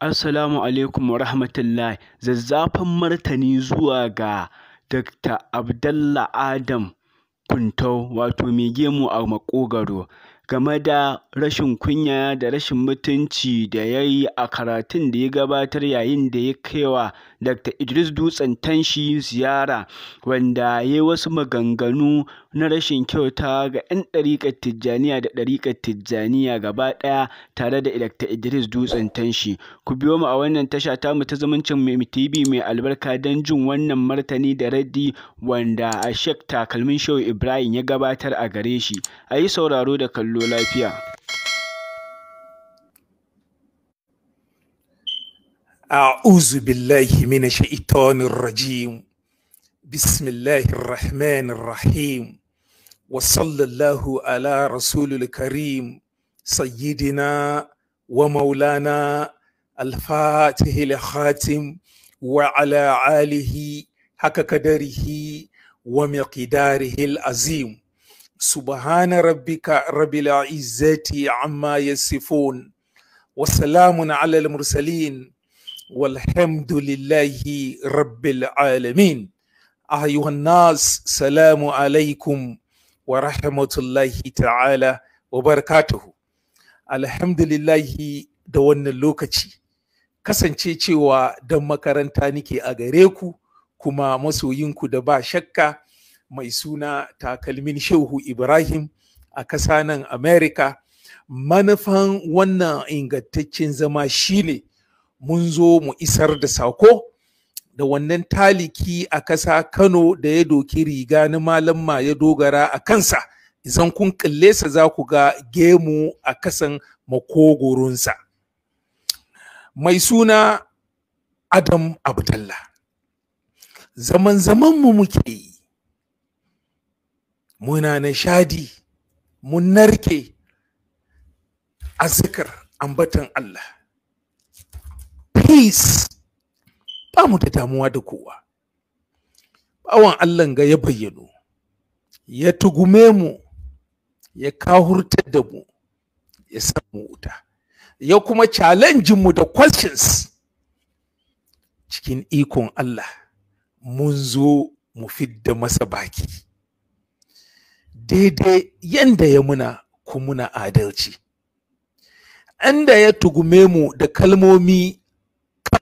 Assalamu alaikum wa rahmatullahi. Zazzafan martani zuwa ga Dr. Abdalla Adam Kuntau, wato mai gemu a Makogaro, game da rashin kunya da rashin mutunci da ya yi a karatun da ya gabatar yayin da ya kaiwa Dr. Idris Dutsen Tanshi ziyara, wanda ya yi wasu maganganu na rashin kyauta ga 'yan ɗariƙar Tijjaniya da ɗariƙar Tijjaniya gaba ɗaya tare da Dr. Idris Dutsen Tanshi. Ku biyo mu a wannan tasha ta mu ta zumuncin mai TV mai albarka don jin wannan martani da raddi wanda a shek Takalmin Shehu Ibrahim ya gabatar a gare shi. A yi sauraro da kallo lafiya. أعوذ بالله من الشيطان الرجيم بسم الله الرحمن الرحيم وصلى الله على رسول الكريم سيدنا ومولانا الفاتح الخاتم وعلى آله حق قدره ومقداره العظيم سبحان ربك رب العزة عما يصفون وسلام على المرسلين والحمد لله رب العالمين أيها الناس سلام عليكم wa rahmatullahi ta'ala wa barakatuhu alhamdulillahi da wannan lokaci kasance cewa don makaranta nike a gare ku kuma masoyinku da ba shakka mai suna takalmin shehu ibrahim a ƙasa nan america manufan wannan ingantaccen zama shine mun zo mu isar da sako da wannan taliki a ƙasa Kano da ya doki riga na Malam Ma ya dogara a kansa zan kun kalle sa za ku ga gemu a kasan makogoronsa mai suna Adam Abdallah zaman zaman mu muke yi muna nishadi mun narke a zikar ambatan Allah peace ba mu da damuwa da kowa bawan allah ga ya bayyano ya tugume mu ya kahurtar da mu ya samu wuta ya kuma challenge mu da questions cikin ikon Allah mun zo mu fidda masa baki daidai yanda ya muna ku muna adalci anda ya tugume mu da kalmomi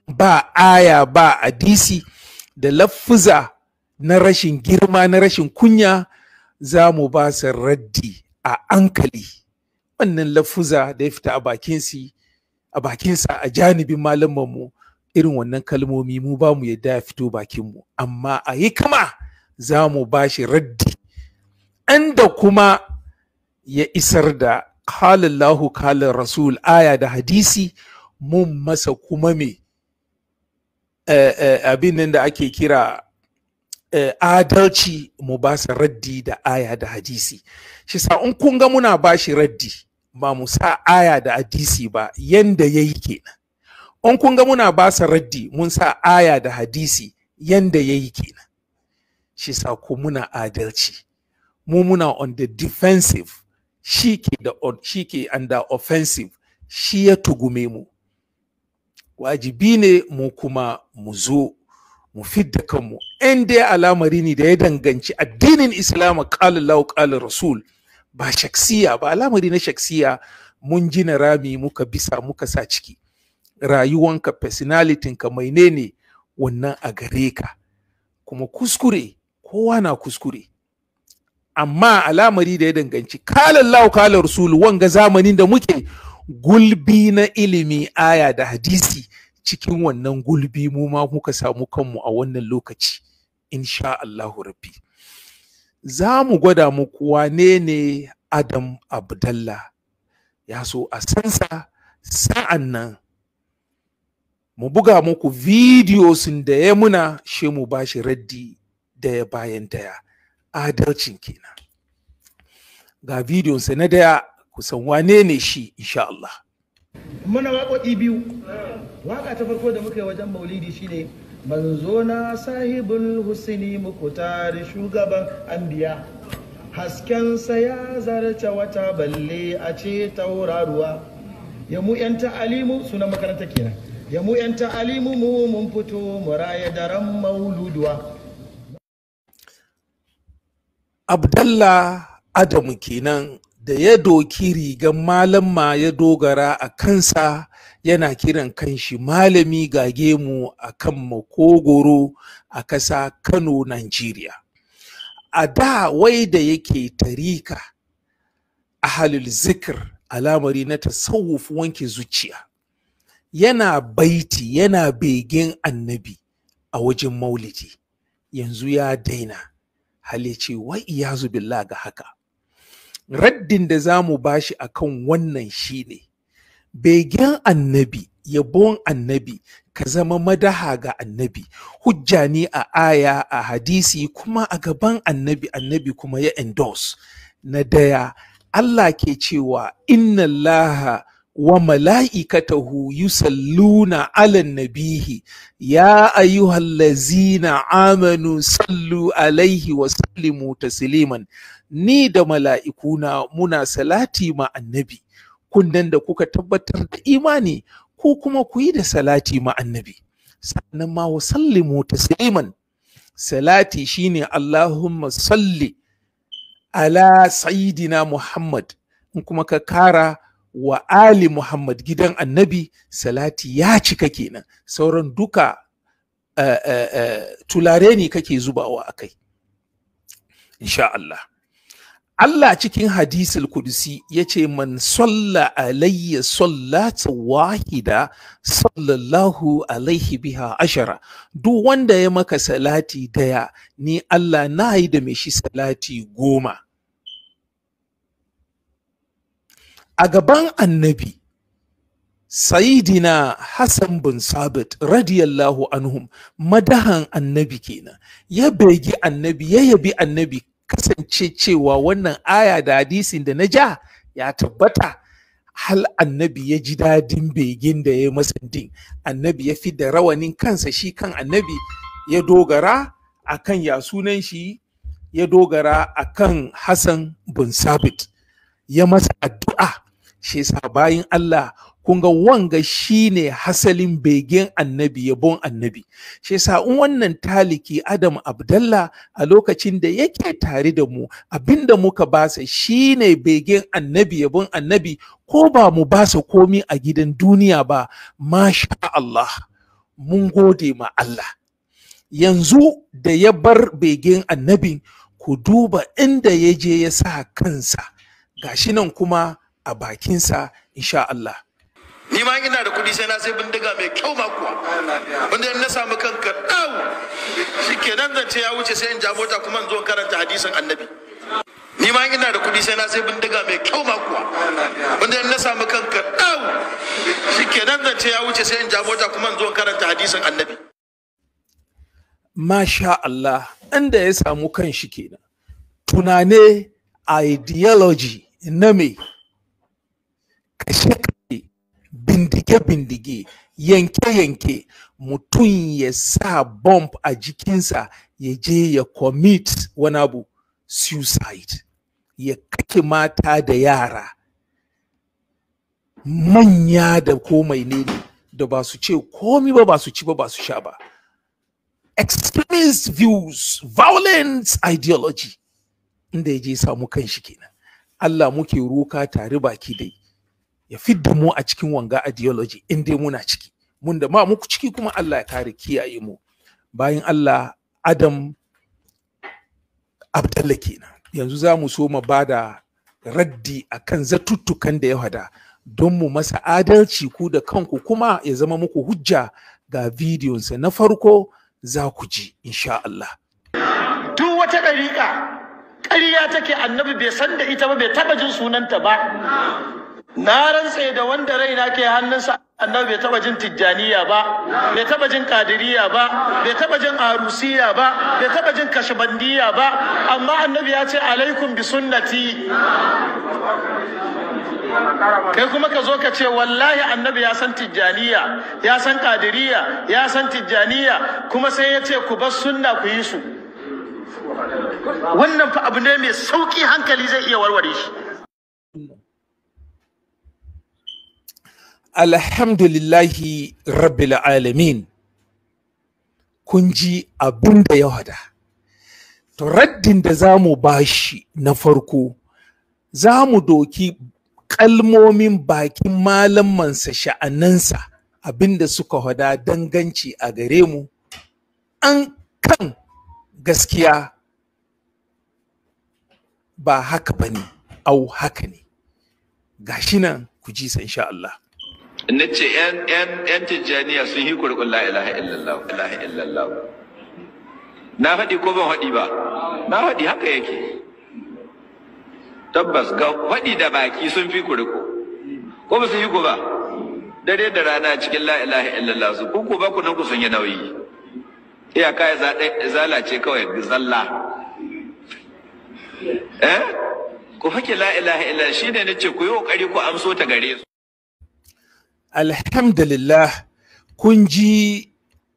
ba aya ba hadisi da lafuza na rashin girma na rashin kunya za mu ba su raddi a ankali wannan lafuza da ya fita a bakinsa a janibin malamanmu irin wannan kalmomi mu ba mu yadda ya fito bakinmu amma a yi kama za mu ba shi raddi an da kuma ya isar da halallahu kalin rasul aya da hadisi mun masa kuma me Eh, eh, abin nan da ake kira eh, adalci mu ba su raddi da aya da hadisi shi sa in kun ga muna ba shi raddi ba mu sa aya da hadisi ba yanda ya yi kenan in kun ga muna ba su raddi mun sa aya da hadisi yanda ya yi kenan shi sa ku muna adalci mu muna on the defensive shi shi ke under offensive shi ya tugume mu wajibi ne mu kuma mu zo mu fidda kanmu in dai alamari ne da ya danganci addinin islam qala lahu rasul ba shaksiya ba alamari na shaksiya mun gina rami muka bisa muka sa ciki rayuwanka personality ka mai ne ne wannan a gare ka kuma kuskure kowa na kuskure amma alamari da ya danganci kalan lahu rasul wanga zamanin da muke gulbi na ilimi aya da hadisi cikin wannan gulbi mu ma muka samu kanmu a wannan lokaci insha Allahu rabbi za mu gwada muku wane ne Adam abdalla ya so a sansa sa'an nan mu buga muku sun da ya muna shi mu bashi raddi daya bayan daya adalcin kenan ga sa na daya kusan wane ne shi insha Allah. Muna waƙoƙi biyu. Waƙa ta farko da muka yi wajen maulidi shine manzo na sahibul husini mukutari shugaban anbiya haskensa ya zarce wata balle a ce tauraruwa ya mu yan ta'alimu sunan makaranta kenan ya mu yan ta'alimu mu mun fito mu raye daren mauluduwa abdallah adamu kenan da ya doki rigar Malam Ma ya dogara a kansa yana kiran kanshi malami gage mu a kan makogoro a ƙasa kano nigeria a da wai da yake tarika a halil zikir alamari na tasawuf wanke zuciya yana baiti yana begen annabi a wajen maulidi yanzu ya daina halice wai iyazu billah ga haka raddin da za mu bashi a kan wannan shi ne begen annabi yabon annabi ka zama madaha ga annabi hujja ne a aya a hadisi kuma a gaban annabi annabi kuma ya endorse na daya Allah ke cewa inna laha wa mala'ikatahu yusalluna alan nabihi ya ayyuhallazina amanu sallu alaihi wa sallimu tasliman ni da mala'ikuna muna salati ma annabi kunnan da kuka tabbatar da imani ko kuma ku yi da salati ma annabi sannan ma wa sallimu tasliman salati shine Allahumma salli ala sayidina Muhammad in kuma ka kara wa ali Muhammad gidan annabi salati ya cika kenan sauran duka eh, eh, eh, tulare ne kake zubawa a kai insha Allah Allah cikin hadisul kudusi ya ce man salla alayya sallata wahida sallallahu alaihi biha ashara duk wanda ya maka salati daya ni Allah na yi da shi salati goma a gaban annabi Sayidina Hassan bin Sabit radiyallahu anhum madahan annabi kenan ya begi annabi ya yabi annabi kasance cewa wannan aya da hadisin da na ja ya tabbata hal annabi ya ji dadin begin da ya masa din annabi ya fi da rawanin kansa shi kan annabi ya dogara a kan ya sunan shi ya dogara a kan Hassan bin Sabit ya masa addu'a shi sa bayin Allah kun wanga shine hasalin begen annabi yabon annabi shi yasa in wannan taliki adam abdallah a lokacin da yake tare da mu abinda muka basa shine begen annabi yabon annabi ko ba mu basa komi a gidan duniya ba masha Allah mun gode ma Allah yanzu da ya bar begen annabi ku duba inda ya je ya sa kansa gashi nan kuma a bakinsa insha Allah ni ma ina da kudi sai na sai bindiga mai kyau ma kuwa wanda in na samu kanka ɗau shi kenan zance ya wuce sai in ja mota kuma in zo karanta hadisin annabi ni ma ina da kudi sai na sai bindiga mai kyau ma kuwa wanda in na samu kanka ɗau shi kenan zance ya wuce sai in ja mota kuma in zo karanta hadisin annabi masha Allah inda ya samu kan shi kenan tunane ideology na me kashe bindige yanke-yanke mutum ya sa bomb a jikinsa ya je ya commit wani abu suicide ya kake mata da yara manya da komai ne da ba su ce komi ba ba su ci ba ba su sha ba extremist views violent ideology inda ya je samu kan shi kenan Allah muke roka tare baki dai ya fidda mu a cikin wanga ideology in dai muna ciki mun da ma muku ciki kuma Allah ya kare kiyaye mu bayan Allah Adam Abdalla kenan yanzu za mu so mu bada raddi akan zatuttukan da ya hada don mu masa adalci ku da kanku kuma ya zama muku hujja ga bidiyonsa na farko za ku ji insha Allah duk wata ɗariƙa ƙarya take annabi bai san da ita ba bai taba jin sunanta ba na rantse da wanda raina ke hannunsa annabi bai taba jin tijjaniya ba bai taba jin kadiriya ba bai taba jin arusiya ba bai taba jin kashibandiya ba amma annabi ya ce alaikum bi sunnati kai kuma ka zo ka ce wallahi annabi ya san tijjaniya ya san kadiriya ya san tijjaniya kuma sai ya ce ku bar sunna ku yi su wannan fa abu ne mai sauki hankali zai iya warware shi alhamdulillahi rabbil alamin kun ji abin da ya hada to raddin da za bashi na farko zamu doki kalmomin bakin malamansa sha'anansa abin da suka hada danganci a gare mu an kan gaskiya ba haka ba ne au haka ne gashi nan ku ji sa insha Allah na ce yan tijjaniya sun yi kurkun la ilaha illallah ilaha illallah na faɗi ko ban faɗi ba na faɗi haka yake tabbas ga faɗi da baki sun fi kurku ko ba su yi ku ba dare da rana cikin la ilaha illallah su ku ba ku nan ku sun yi nauyi iyaka zala zalace kawai zalla eh ku La'ilaha la ilaha illallah shine nace ku yi kokari ku amso ta gare su alhamdulillah kun ji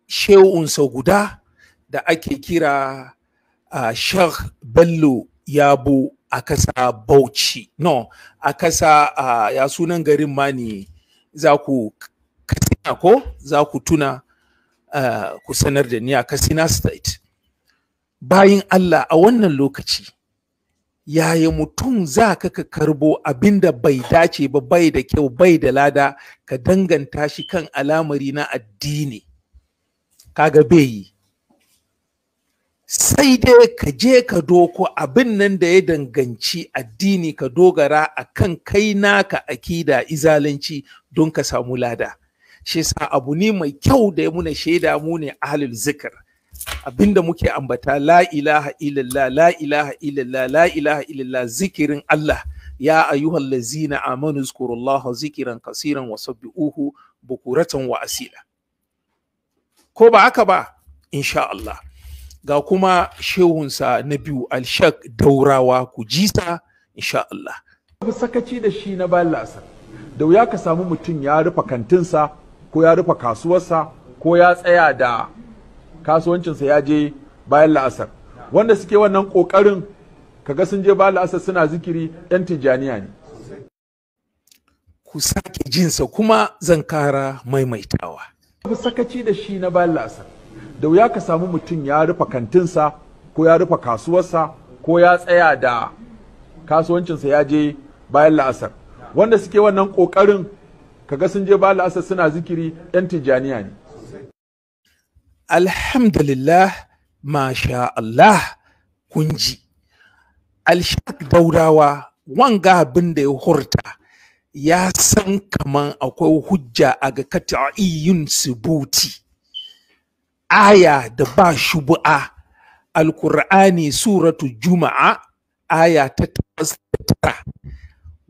sau guda da ake kira uh, Sheikh Bello Yabo a kasa Bauchi. No, a kasa uh, ya sunan garin ma ne za ku kasina ko za ku tuna ku sanar da ni a Katsina State. Bayan Allah a wannan lokaci yaya mutum za ka ka karbo abin da bai dace ba bai da kyau bai da lada ka danganta shi kan alamari na addini kaga bai yi sai dai ka je ka doko abin nan da ya danganci addini ka dogara a kan kai naka akida izalanci don ka samu lada shi sa abu ne mai kyau da ya muna shaida mu ne ahlul zikir abinda muke ambata la ilaha illallah la ilaha illallah la ilaha illallah zikirin Allah ya ayyuhal lazina amanu zkurullaha zikiran kasiran wa sabbihuhu bukuratan wa asila ko ba haka ba insha Allah ga kuma shehunsa na biyu alshak daurawa ku jisa insha Allah sakaci da shi na ballasa da wuya ka samu mutum ya rufe kantinsa ko ya rufe kasuwarsa ko ya tsaya da kasuwancinsa ya je bayan la'asar wanda suke wannan ƙoƙarin kaga sun je bayan la'asar suna zikiri 'yan tijjaniya ne ku sake jinsa kuma zan kara maimaitawa sakaci da shi na bayan la'asar da wuya ka samu mutum ya rufe kantinsa ko ya rufe kasuwarsa ko ya tsaya da kasuwancinsa ya je bayan la'asar wanda suke wannan ƙoƙarin kaga sun je bayan la'asar suna zikiri 'yan tijjaniya ne alhamdulillah masha Allah kun ji alshak daurawa wanga abin da ya hurta ya san kaman akwai hujja a ga kata'iyun subuti aya da ba shubu'a alkur'ani suratu juma'a aya ta tara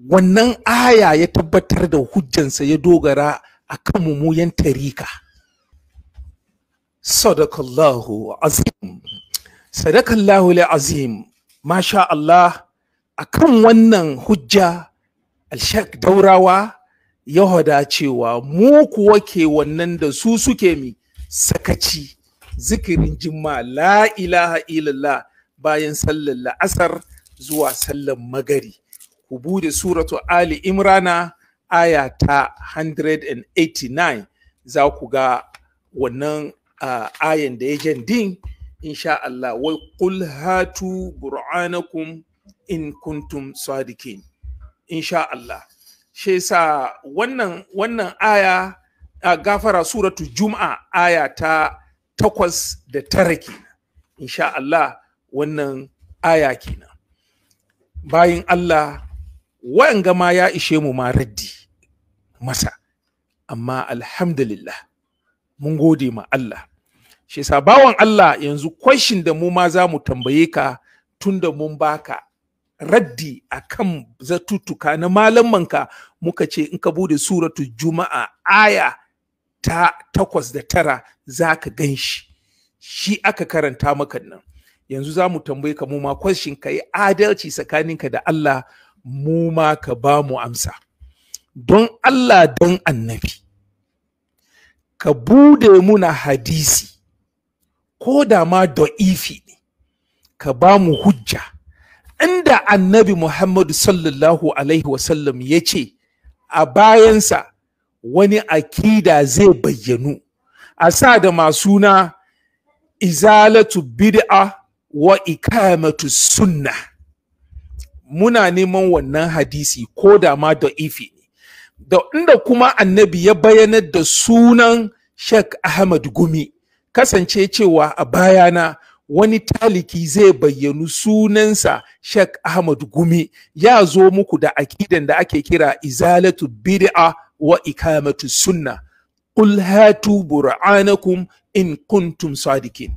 wannan aya ya tabbatar da hujjansa ya dogara a kan mummuyan tarika Sadakallahu azim. Sadakallahu azim. Masha Allah, a kan wannan hujja, Alshak Daurawa ya hada cewa mu kuwa ke wannan da su suke mi sakaci zikirin jimma la ilaha illallah bayan sallar la'asar zuwa sallar magari. Ku bude suratu Ali Imrana aya ta 189 za ku ga wannan ayan da ya jan din insha Allah wai kul hatu bur'anakum in kuntum sadikin insha Allah shi yasa wannan wannan aya a gafara suratu jum'a aya ta takwas da tara kenan insha Allah wannan aya kenan bayin Allah wa'anga ma ya ishe mu ma raddi masa amma alhamdulillah mun gode ma Allah shi yasa bawan Allah yanzu question da mu ma za mu tambaye ka tunda mun baka raddi a kan zatutuka na malamanka muka ce in ka bude suratu juma'a aya ta takwas da tara za ka gan shi aka karanta maka nan yanzu za mu tambaye ka mu ma question ka yi adalci tsakaninka da Allah mu ma ka ba mu amsa don Allah don annabi ka bude muna hadisi ko da ma da'ifi ne ka ba mu hujja inda annabi muhammadu sallallahu alaihi wasallam ya ce a bayansa wani akida zai bayyanu a sa da masu na izalatu bid'a wa ikamatu sunna muna neman wannan hadisi ko da ma da ifi ne da inda kuma annabi ya bayanar da sunan shek Ahmad Gumi kasance cewa a bayana wani taliki zai bayyanu sunansa Sheikh Ahmad Gumi ya zo muku da akidan da ake kira izalatu bid'a wa ikamatu sunna qul hatu burhanakum in kuntum sadikin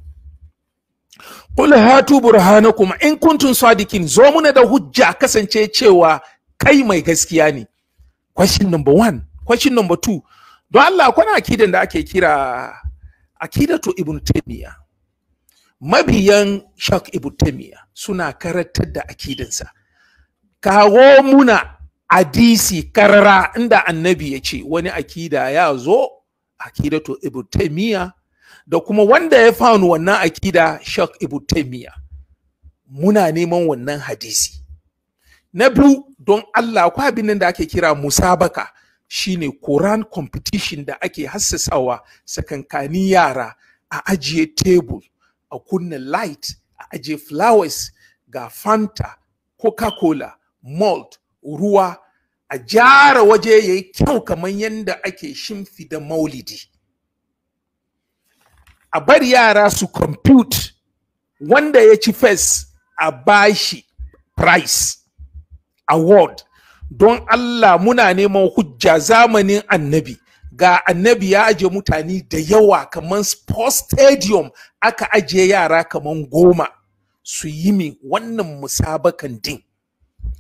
qul hatu burhanakum in kuntum sadikin zo muna da hujja kasance cewa kai mai gaskiya ne question number one question number two don Allah kwana akidan da ake kira akidatu ibn taymiya mabiyan shak ibn taymiya suna karantar da akidansa kawo muna hadisi karara inda annabi ya ce wani akida ya zo akidatu ibn taymiya da kuma wanda ya faunu wannan akida shak ibn taymiya muna neman wannan hadisi na biyu don Allah ko abin da ake kira musabaka shine Quran competition da ake hassasawa sakankani yara a ajiye table a kunna light a ajiye flowers ga fanta coca-cola malt ruwa a jara waje yayi kyau kamar yadda ake shimfi da maulidi a bar yara su compute wanda ya ci first a bashi price award don Allah muna neman hujja zamanin annabi ga annabi ya aje mutane da yawa kamar sports stadium aka aje yara kamar goma su yi min wannan musabakan din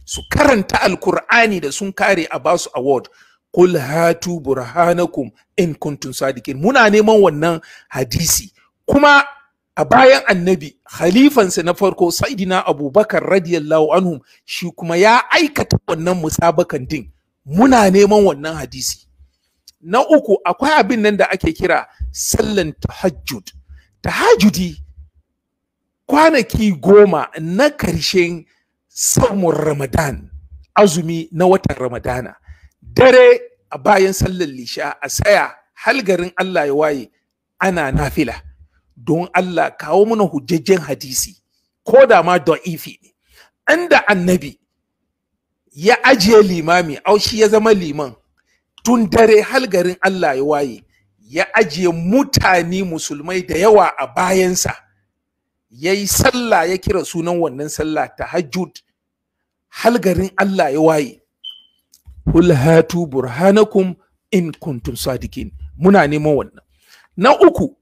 su karanta alkur'ani da sun kare a basu award kul hatu burhanakum in kuntum sadikin muna neman wannan hadisi kuma a bayan annabi khalifansa na farko saidina abubakar radiyallahu anhum shi kuma ya aikata wannan musabakan din muna neman wannan hadisi na uku akwai abin nan da ake kira sallan tahajjud tahajjudi kwanaki goma na karshen samun ramadan azumi na watan ramadana dare a bayan sallan lisha a tsaya garin allah ya waye ana nafila don Allah kawo mana hujjajjen hadisi ko da ma da'ifi ne inda annabi ya ajiye limami aushi ya zama liman tun dare hal garin Allah ya waye ya ajiye mutane musulmai da yawa a bayansa ya yi sallah ya kira sunan wannan sallah ta hal garin Allah ya waye Kul hatu burhanakum in kuntum sadikin muna neman wannan na uku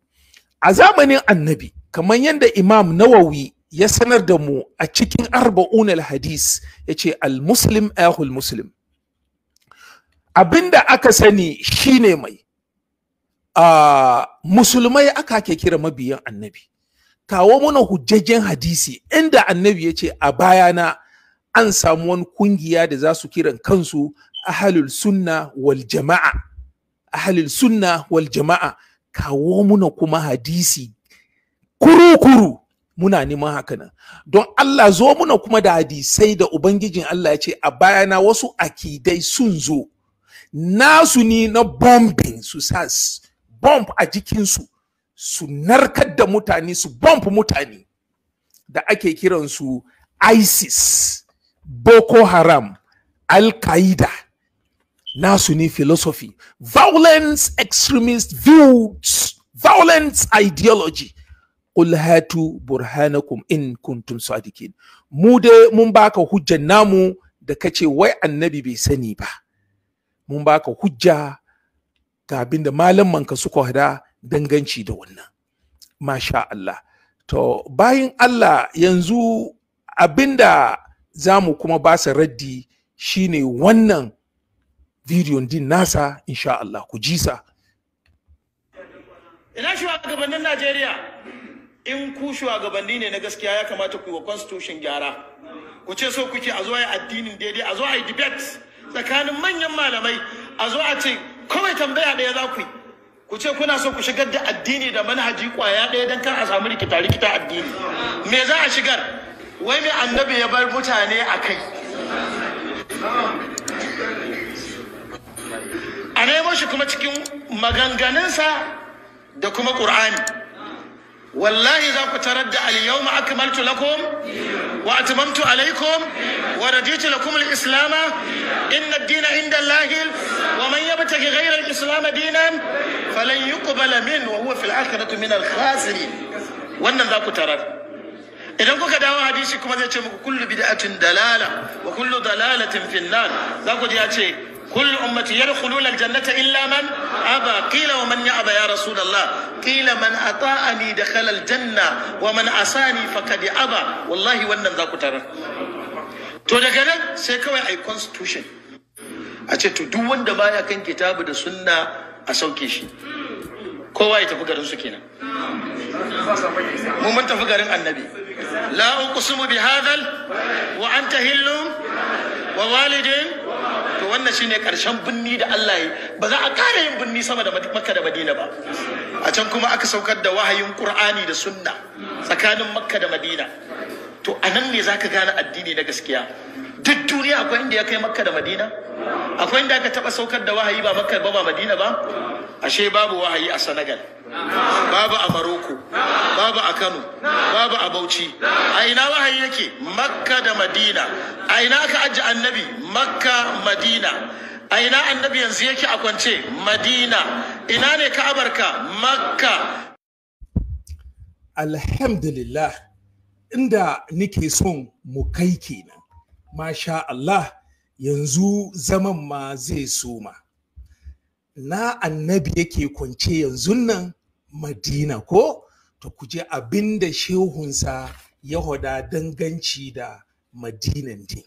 a zamanin annabi kamar yadda imam nawawi ya sanar da mu a cikin arba'un al-hadis ya ce al-muslim ahul muslim abinda aka sani shine mai a musulmai aka ke kira mabiyan annabi kawo mana hujjajen hadisi inda annabi ya ce a bayana an samu wani kungiya da za su kiran kansu ahalul sunna wal jama'a ahalul sunna wal jama'a kawo muna kuma hadisi kuru-kuru muna neman haka nan don Allah zo muna kuma da hadisai da ubangijin Allah ya ce a bayana wasu akidai sun zo nasu ni na bombing su sa bomb a jikinsu su narkar da mutane su bomb mutane da ake kiransu isis boko haram al-qaida nasu ne philosophy violence extremist views violence ideology qul hatu burhanakum in kuntum sadiqin mu dai mun baka hujjar namu da kace wai annabi bai sani ba mun baka hujja ga abin da malamanka suka hada danganci da wannan masha Allah to bayan Allah yanzu abinda za mu kuma ba raddi shine wannan bidiyon din nasa insha Allah ku ji sa ina shugabannin Najeriya in ku shugabanni ne na gaskiya ya kamata ku yi wa constitution gyara ku ce so kuke a zo addinin daidai a zo a debate tsakanin manyan malamai a zo a ce kawai tambaya ɗaya za ku yi ku ce kuna so ku shigar da addini da manhaji kwaya ɗaya don kar a samu rikita rikita addini me za a shigar wai me annabi ya bar mutane a kai a nemo shi kuma cikin maganganunsa da kuma ƙur'ani wallahi za ku tarar da al-yawma akmaltu lakum wa atmamtu alaykum wa raditu lakum al-islam inna dina 'inda Allah wa man yabtaghi ghayra al-islam dinan falan yuqbala min wa huwa fil akhirati min al wannan za ku tarar idan kuka dawo hadisi kuma zai ce muku kullu bid'atin dalala wa kullu dalalatin finnar za ku ji ya ce كل أمتي يدخلون الجنة إلا من أبى قيل ومن يأبى يا رسول الله قيل من أطاعني دخل الجنة ومن أساني فقد أبى والله wannan za ku tarar to daga nan sai kawai ai constitution a ce to duk wanda baya kan kitabu da sunna a sauke shi kowa ya tafi garin su kenan mu mun tafi garin annabi la uqsimu bi hadhal wa wa walidin wannan shine karshen binni da Allah ya ba za a kare yin binni sama da makka da madina ba a can kuma aka saukar da wahayin qur'ani da sunna tsakanin makka da madina to a nan ne zaka gane addini na gaskiya duk duniya akwai inda ya kai makka da madina akwai inda aka taba saukar da wahayi ba makka ba ba madina ba ashe babu wahayi a Senegal babu a Maroko babu a Kano babu a Bauchi a ina wahayi yake Makka da Madina a ina aka ajiye annabi Makka Madina a annabi yanzu yake a kwance Madina ina ne Ka'abarka Makka Alhamdulillah inda nike son mu kai kenan masha Allah yanzu zaman ma zai soma na annabi yake kwance yanzu nan madina ko Ta kuje abin da shehunsa ya hoda danganci da madinan din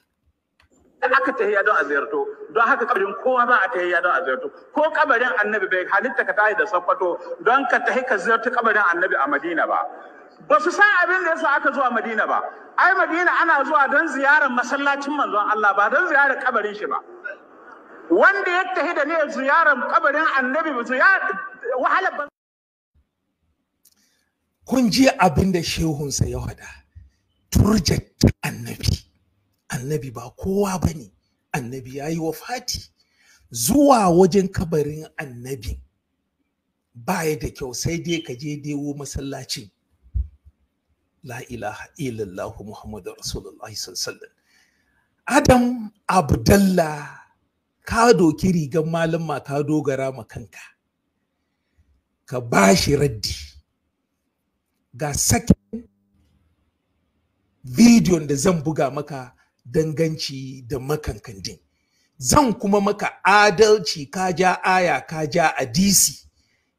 aka tahiyya don a ziyarto don haka kabarin kowa ba a tahiyya don a ziyarto ko kabarin annabi bai halitta ka tahi da sakwato don ka tahi ka ziyarta kabarin annabi a madina ba ba su san abin da yasa aka zuwa madina ba ai madina ana zuwa don ziyarar masallacin manzon Allah ba don ziyarar kabarin shi ba wanda ya tafi da ne ziyarar kabarin annabi wahalar ban kun ji abin da shehunsa ya hada turjata annabi annabi ba kowa ba ne annabi ya yi wafati zuwa wajen kabarin annabi baya da kyau sai dai ka je dewo masallacin la ilaha illallah muhammadu rasulullahi sallallahu adam abdallah ka doki rigan malamma ka dogara ma kanka ka ba shi raddi ga sakin bidiyon da zan buga maka danganci da makankandin zan kuma maka adalci ka ja aya ka ja adisi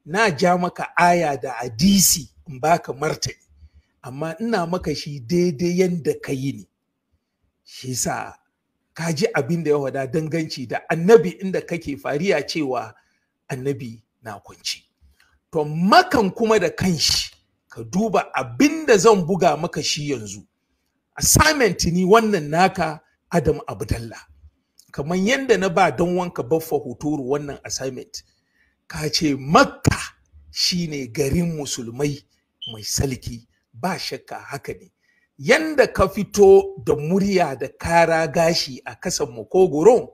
na ja maka aya da adisi in baka martani amma ina maka shi daidai yadda ka yi ne shi sa ka ji abin da ya wada danganci da annabi inda kake fariya cewa annabi na kunci, to makan kuma da kanshi ka duba abin da zan buga maka shi yanzu assignment ni wannan naka adam abdallah kamar yadda na ba don wanka baffa hotoro wannan assignment ka ce makka shi ne garin musulmai mai salki ba shakka haka ne yanda ka fito da murya da kara gashi a kasan makogoro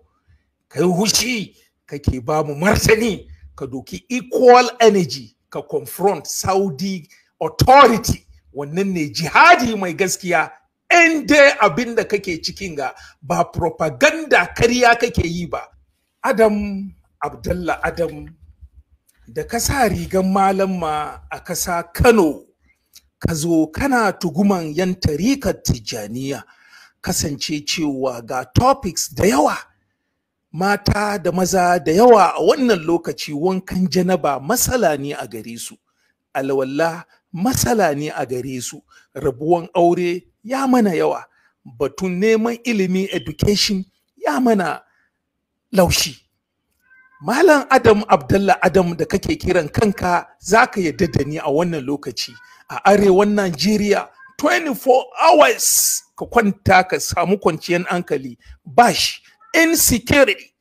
kai hushi kake ba mu martani ka doki equal energy ka confront saudi authority wannan ne jihadi mai gaskiya in dai abinda kake cikin ga ba propaganda karya kake yi ba adam abdallah adam da ka sa rigan malamma a kasa kano ka zo kana tuguman yan tarikar tijjaniya kasance cewa ga topics da yawa mata da maza da yawa a wannan lokaci wankan janaba masala ne a gare su alwala matsala ne a gare su rabuwan aure ya mana yawa batun neman ilimi education ya mana laushi malam adam abdallah adam da kake kiran kanka za ka yadda da ni a wannan lokaci a arewan Najeriya 24 hours ka kwanta ka samu kwanciyar hankali ba shi insecurity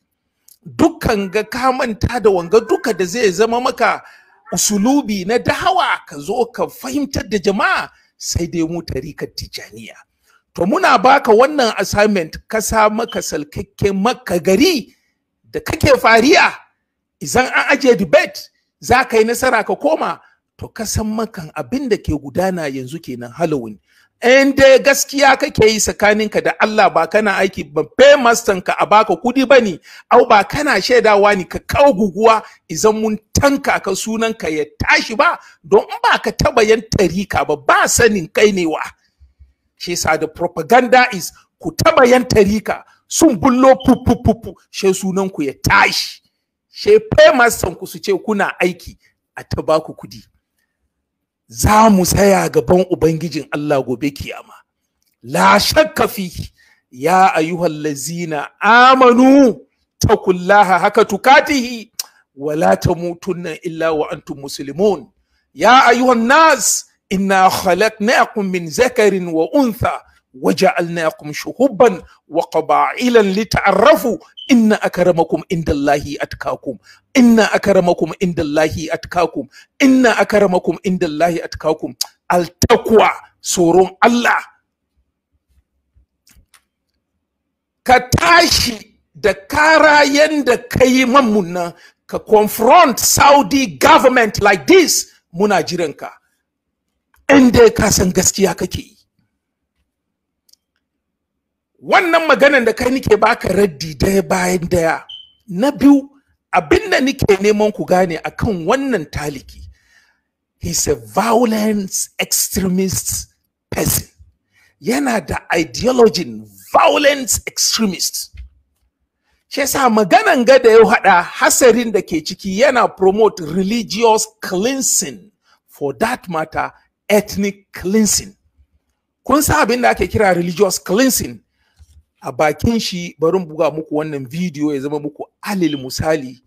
dukkan ga ka manta da wanga duka da zai zama maka usulubi na dahawa ka zo ka fahimtar da jama'a sai dai mu tarikar tijaniya to muna baka wannan assignment ka sa maka salkakke maka gari da kake fariya Izan an ajiye debate za ka yi nasara ka koma to kasan makan abin da ke gudana yanzu kenan halloween in dai gaskiya kake yi tsakaninka da Allah ba kana aiki ba paymaster ka a baka kudi ba ne au ba kana shaidawa ni ka kawo guguwa idan mun tanka ka sunan ka ya tashi ba don in ba ka taba yan tarika ba ba sanin kai ne wa she sa the propaganda is ku taba yan tarika sun bullo pupupupu she sunan ku ya tashi she paymaster ku su ce kuna aiki a ta baku kudi za mu saya gaban ubangijin Allah gobe kiyama la shakka fi ya ayyuhallazina amanu taqullaha haka tukatihi wala tamutunna ولا تموتن إلا وأنتم مسلمون يا أيها الناس إنا خلقناكم من ذكر وأنثى وجعلناكم شهوبا وقبائلا لتعرفوا inna akaramakum indallahi atkakum inna akaramakum indallahi atkakum inna akaramakum indallahi atkakum altakwa tsoron Allah ka tashi da kara yanda kai mamunna ka confront Saudi government like this muna jiranka in dai ka san gaskiya kake yi wannan maganan da kai nike baka raddi daya bayan daya na biyu abin da nike neman ku gane akan wannan taliki he's a violent extremist person yana da ideologin violent extremist shi yasa maganan ga da ya hada hasarin da ke ciki yana promote religious cleansing for that matter ethnic cleansing kun sa abin da ake kira religious cleansing a bakin shi barin buga muku wannan bidiyo ya zama muku alil misali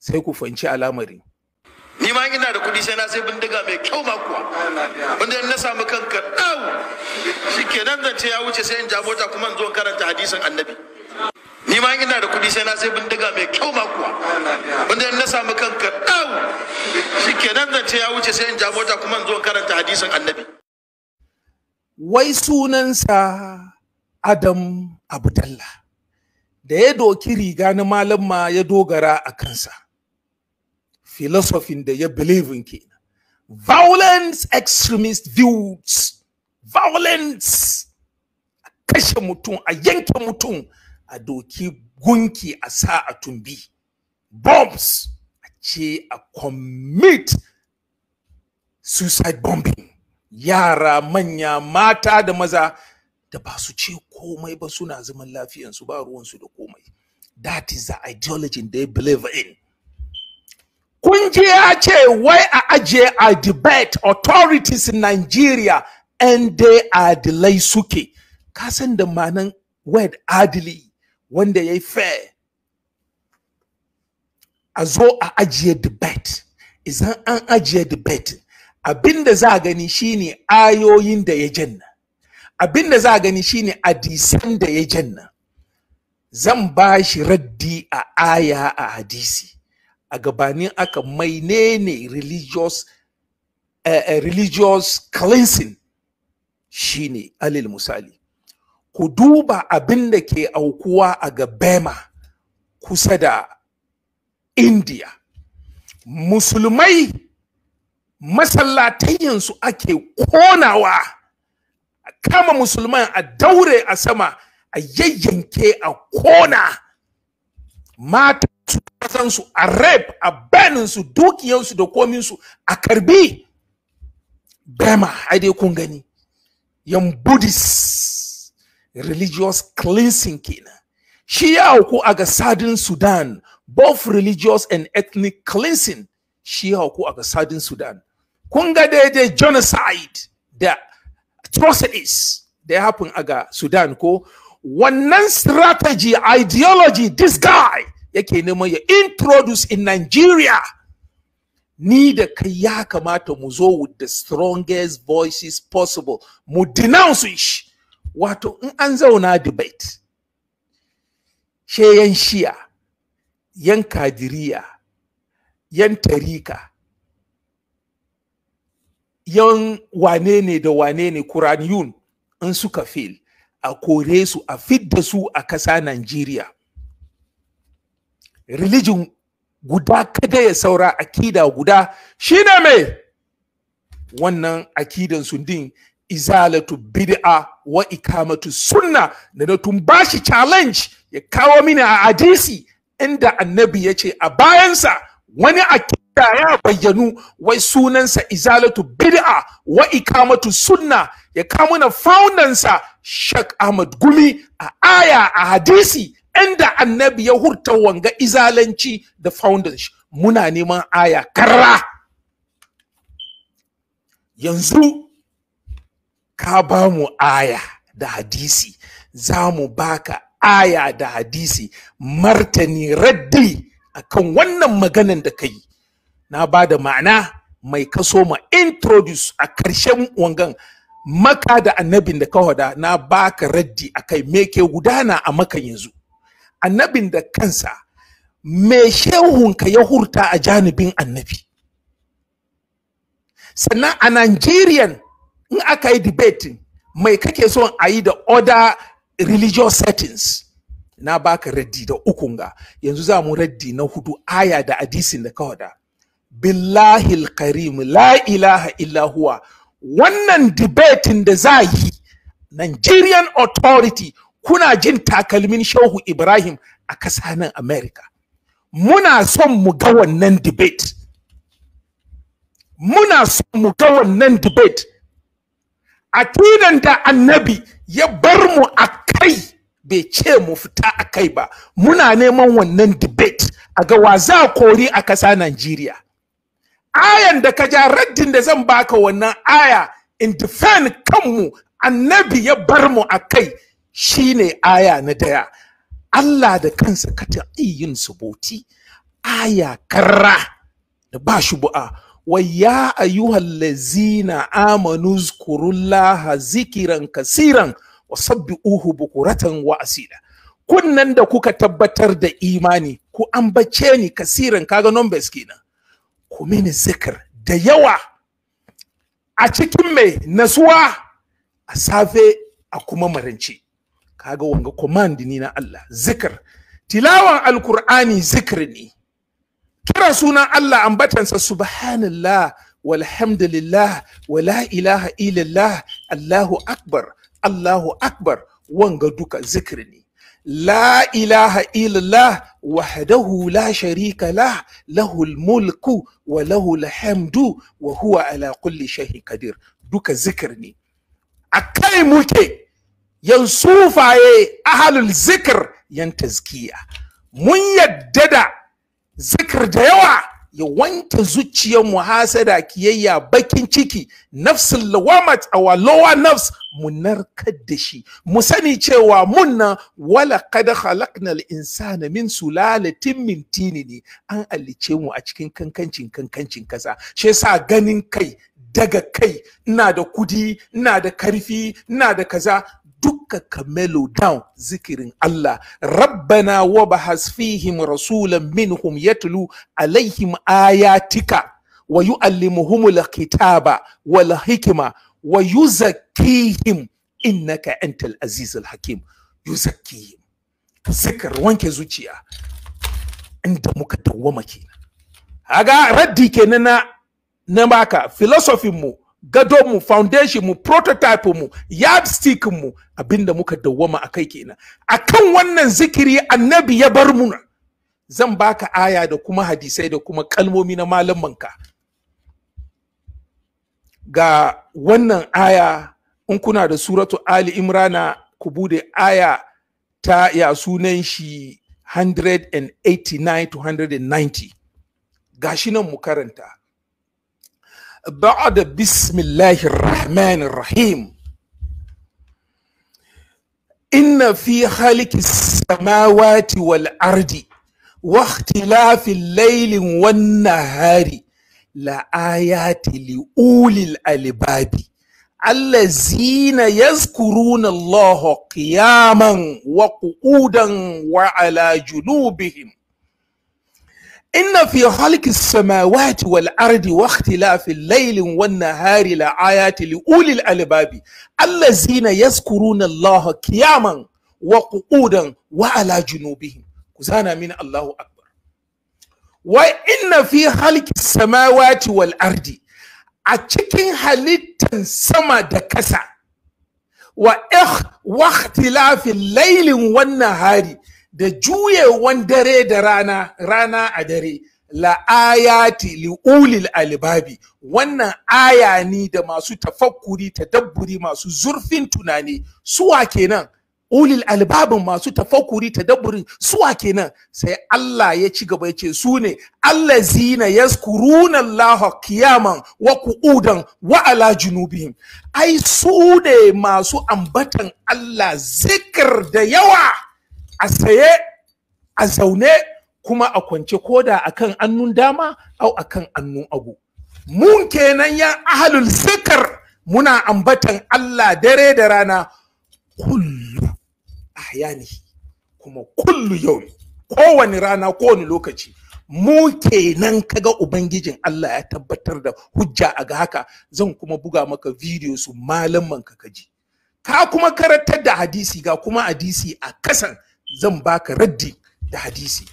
sai ku fanci alamari ni ma ina da kuɗi sai na sai bindiga mai kyau ma kuwa wanda na samu kanka ɗau shi kenan zance ya wuce sai in ja mota kuma in zo karanta hadisin annabi ni ma ina da kuɗi sai na sai bindiga mai kyau ma kuwa wanda na samu kanka ɗau shi kenan zance ya wuce sai in ja mota kuma in zo karanta hadisin annabi wai sunansa adam abdalla da ya doki riga na malam ma ya dogara a kansa filosofin da ya believe ke violence extremist views violence a kashe mutum a yanke mutum a doki gunki a sa a tumbi bombs a ce a commit suicide bombing yara manya mata da maza da ba su ce komai ba suna zaman lafiyansu ba ruwansu da komai that is the ideology they believe in kun ya ce wai a ajiye a debate authorities in Nigeria and dai adilai suke san da manan word adili wanda ya yi fair a zo a ajiye debate izan an ajiye debate abinda za a gani shine ayoyin da ya janna abin da za a gani shine hadisan da ya janna zan ba shi raddi a aya a hadisi a gabanin aka mai ne religious uh, religious cleansing shine alil misali ku duba abin da ke aukuwa a gabema kusa da india musulmai yansu ake konawa kama musulman a daure a sama a yayyanke a kona mata su a rap a banin su dukiyansu da komin su a karbi bema ai dai kun gani yan buddhist religious cleansing kenan shi ya auku a ga sadin sudan both religious and ethnic cleansing shi ya auku a ga sadin sudan kun ga daidai genocide da atrocities they happen aga ga Sudan ko wannan strategy ideology this guy yake neman ya introduce in Nigeria ni da kai ya kamata mu zo with the strongest voices possible mu denounce shi wato in an zauna debate she shia yan kadiriya yan tarika yan wane ne da wane ne kuraniyun in suka fail a kore su a fidda su a kasa Najeriya. Religion guda kada ya saura akida guda shine mai wannan akidan su din izalatu bid'a wa ikamatu sunna da na tun bashi challenge ya kawo mini a hadisi inda annabi ya ce a bayansa wani akida da ya bayyanu wai sunansa izalatu bid'a wa ikamatu sunna ya kama na foundansa shak Ahmad Gumi a aya a hadisi inda annabi ya hurta wanga izalanci da foundan shi muna neman aya karra yanzu ka ba mu aya da hadisi za mu baka aya da hadisi martani raddi akan wannan maganan da ka yi na ba da ma'ana mai kaso ma introduce a ƙarshen wangan maka da annabin da ka kawada na baka raddi akai me ke gudana a maka yanzu annabin da kansa me shehunka ya hurta a janibin annabi sannan a nigerian in aka yi debating mai kake so a yi da other religious settings na baka raddi da ukunga yanzu za mu raddi na hudu aya da hadisin da ka kawada billahil karim la ilaha illa huwa wannan dibatin da za yi Nigerian authority kuna jin takalmin Shehu Ibrahim a ƙasa nan America muna son mu ga wannan debate muna son mu ga wannan debate tunan da annabi ya bar mu a kai bai ce mu fita a kai ba muna neman wannan debate a ga wa za kori a ƙasa Najeriya ayan da ka ja raddin da zan baka wannan aya in defend kanmu annabi ya bar mu a kai shine aya na daya Allah da kansa ka ta'iyin suboti aya karra da ba shi bu'a wa ya ayyuhallazina amanu zkurullaha zikiran kasiran wa sabbi'uhu bukuratan wa asida kunnan da kuka tabbatar da imani ku ambace ni kasiran kaga numbers kenan Ku mini zikir da yawa a cikin mai nasuwa a safe a kuma maranci kaga wanga command ni na Allah zikir tilawan alkur'ani zikir ne kira sunan Allah ambatansa subhanallah walhamdulillah wala ilaha illallah Allahu akbar Allahu akbar wanga duka zikir ne لا إله إلا الله وحده لا شريك له له الملك وله الحمد وهو على كل شيء قدير دوك ذكر ني أكاي موكي ينصوف أهل الذكر ينتزكية من يدد ذكر ديوه ya wanke zuciyar mu kiyayya bakin ciki nafsul lawamat awa lowa nafs mu narkar da shi mu sani cewa mun nan wala qad khalaqnal insana min sulalatin min tinini an alice mu a cikin kankancin kankancin kasa shi yasa ganin kai daga kai ina da kudi ina da karfi ina da kaza duka ka melo down zikirin Allah rabbana wa bahas fihim rasulan minhum yatlu alaihim ayatika wa yuallimuhum kitaba wal hikma wa yuzakkihim innaka antal azizul hakim yuzakkihim zikir wanke zuciya inda muka dawwama kenan haga raddi kenan na na baka philosophy mu gado mu foundation mu prototype mu yardstick mu abinda muka dawwama akai kenan akan wannan zikiri annabi ya bar muna zan baka aya da kuma hadisai da kuma kalmomi na malamanka ga wannan aya in kuna da suratu ali imrana ku bude aya ta ya sunan shi 189 to 190 gashi nan mu karanta بعد بسم الله الرحمن الرحيم إن في خلق السماوات والأرض واختلاف الليل والنهار لآيات لأولي الألباب الذين يذكرون الله قياما وقعودا وعلى جنوبهم inna fi halki samawati wal ardi wa ikhtilafi al-layli wan nahari la ayati li ulil albabi allazina yazkuruna Allah qiyaman wa qu'udan wa ala junubihim kuzana min Allahu akbar wa inna fi halki samawati wal a cikin halittar sama da ƙasa, wa ikhtilafin lailin wannan hari da juyewan dare da rana rana a dare la'ayati ulil alibabi wannan aya ni da masu tafakkuri tadabburi masu zurfin tunani suwa kenan ulil albabin masu tafakkuri tadabburin suwa kenan sai Allah ya ci gaba ya ce su ne allazina yaskuruna Allah kiyaman wa qu'udan wa ala junubihim ai su ne masu ambatan Allah zikir da yawa a saye a zaune kuma a kwance koda akan annun dama au akan annun agu mun kenan ya ahalul zikr muna ambatan Allah dare da rana kullu ahyani kuma kullu ko kowane rana kowane lokaci mu kenan kaga ubangijin Allah ya tabbatar da hujja a ga haka zan kuma buga maka bidiyo su malaman ka kaji ka kuma karatar da hadisi ga kuma hadisi a kasan zan baka raddi da hadisi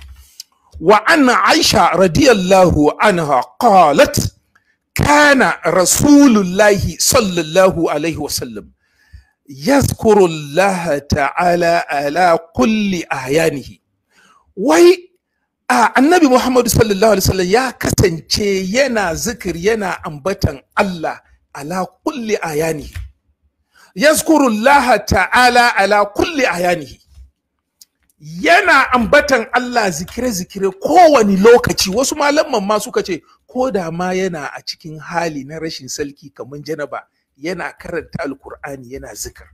wa anna aisha radiyallahu anha qalat kana rasulullahi sallallahu alaihi wasallam يذكر الله تعالى على كل أحيانه wai a annabi muhammadu sallallahu alaihi wasallam ya kasance yana zikir yana ambatan allah ala kulli ayanihi yazkurullaha ta'ala ala kulli ayanihi yana ambatan Allah zikire-zikire kowani lokaci wasu malaman ma suka ce ko da ma yana a cikin hali na rashin salki kamar janaba yana karanta alkur'ani yana zikir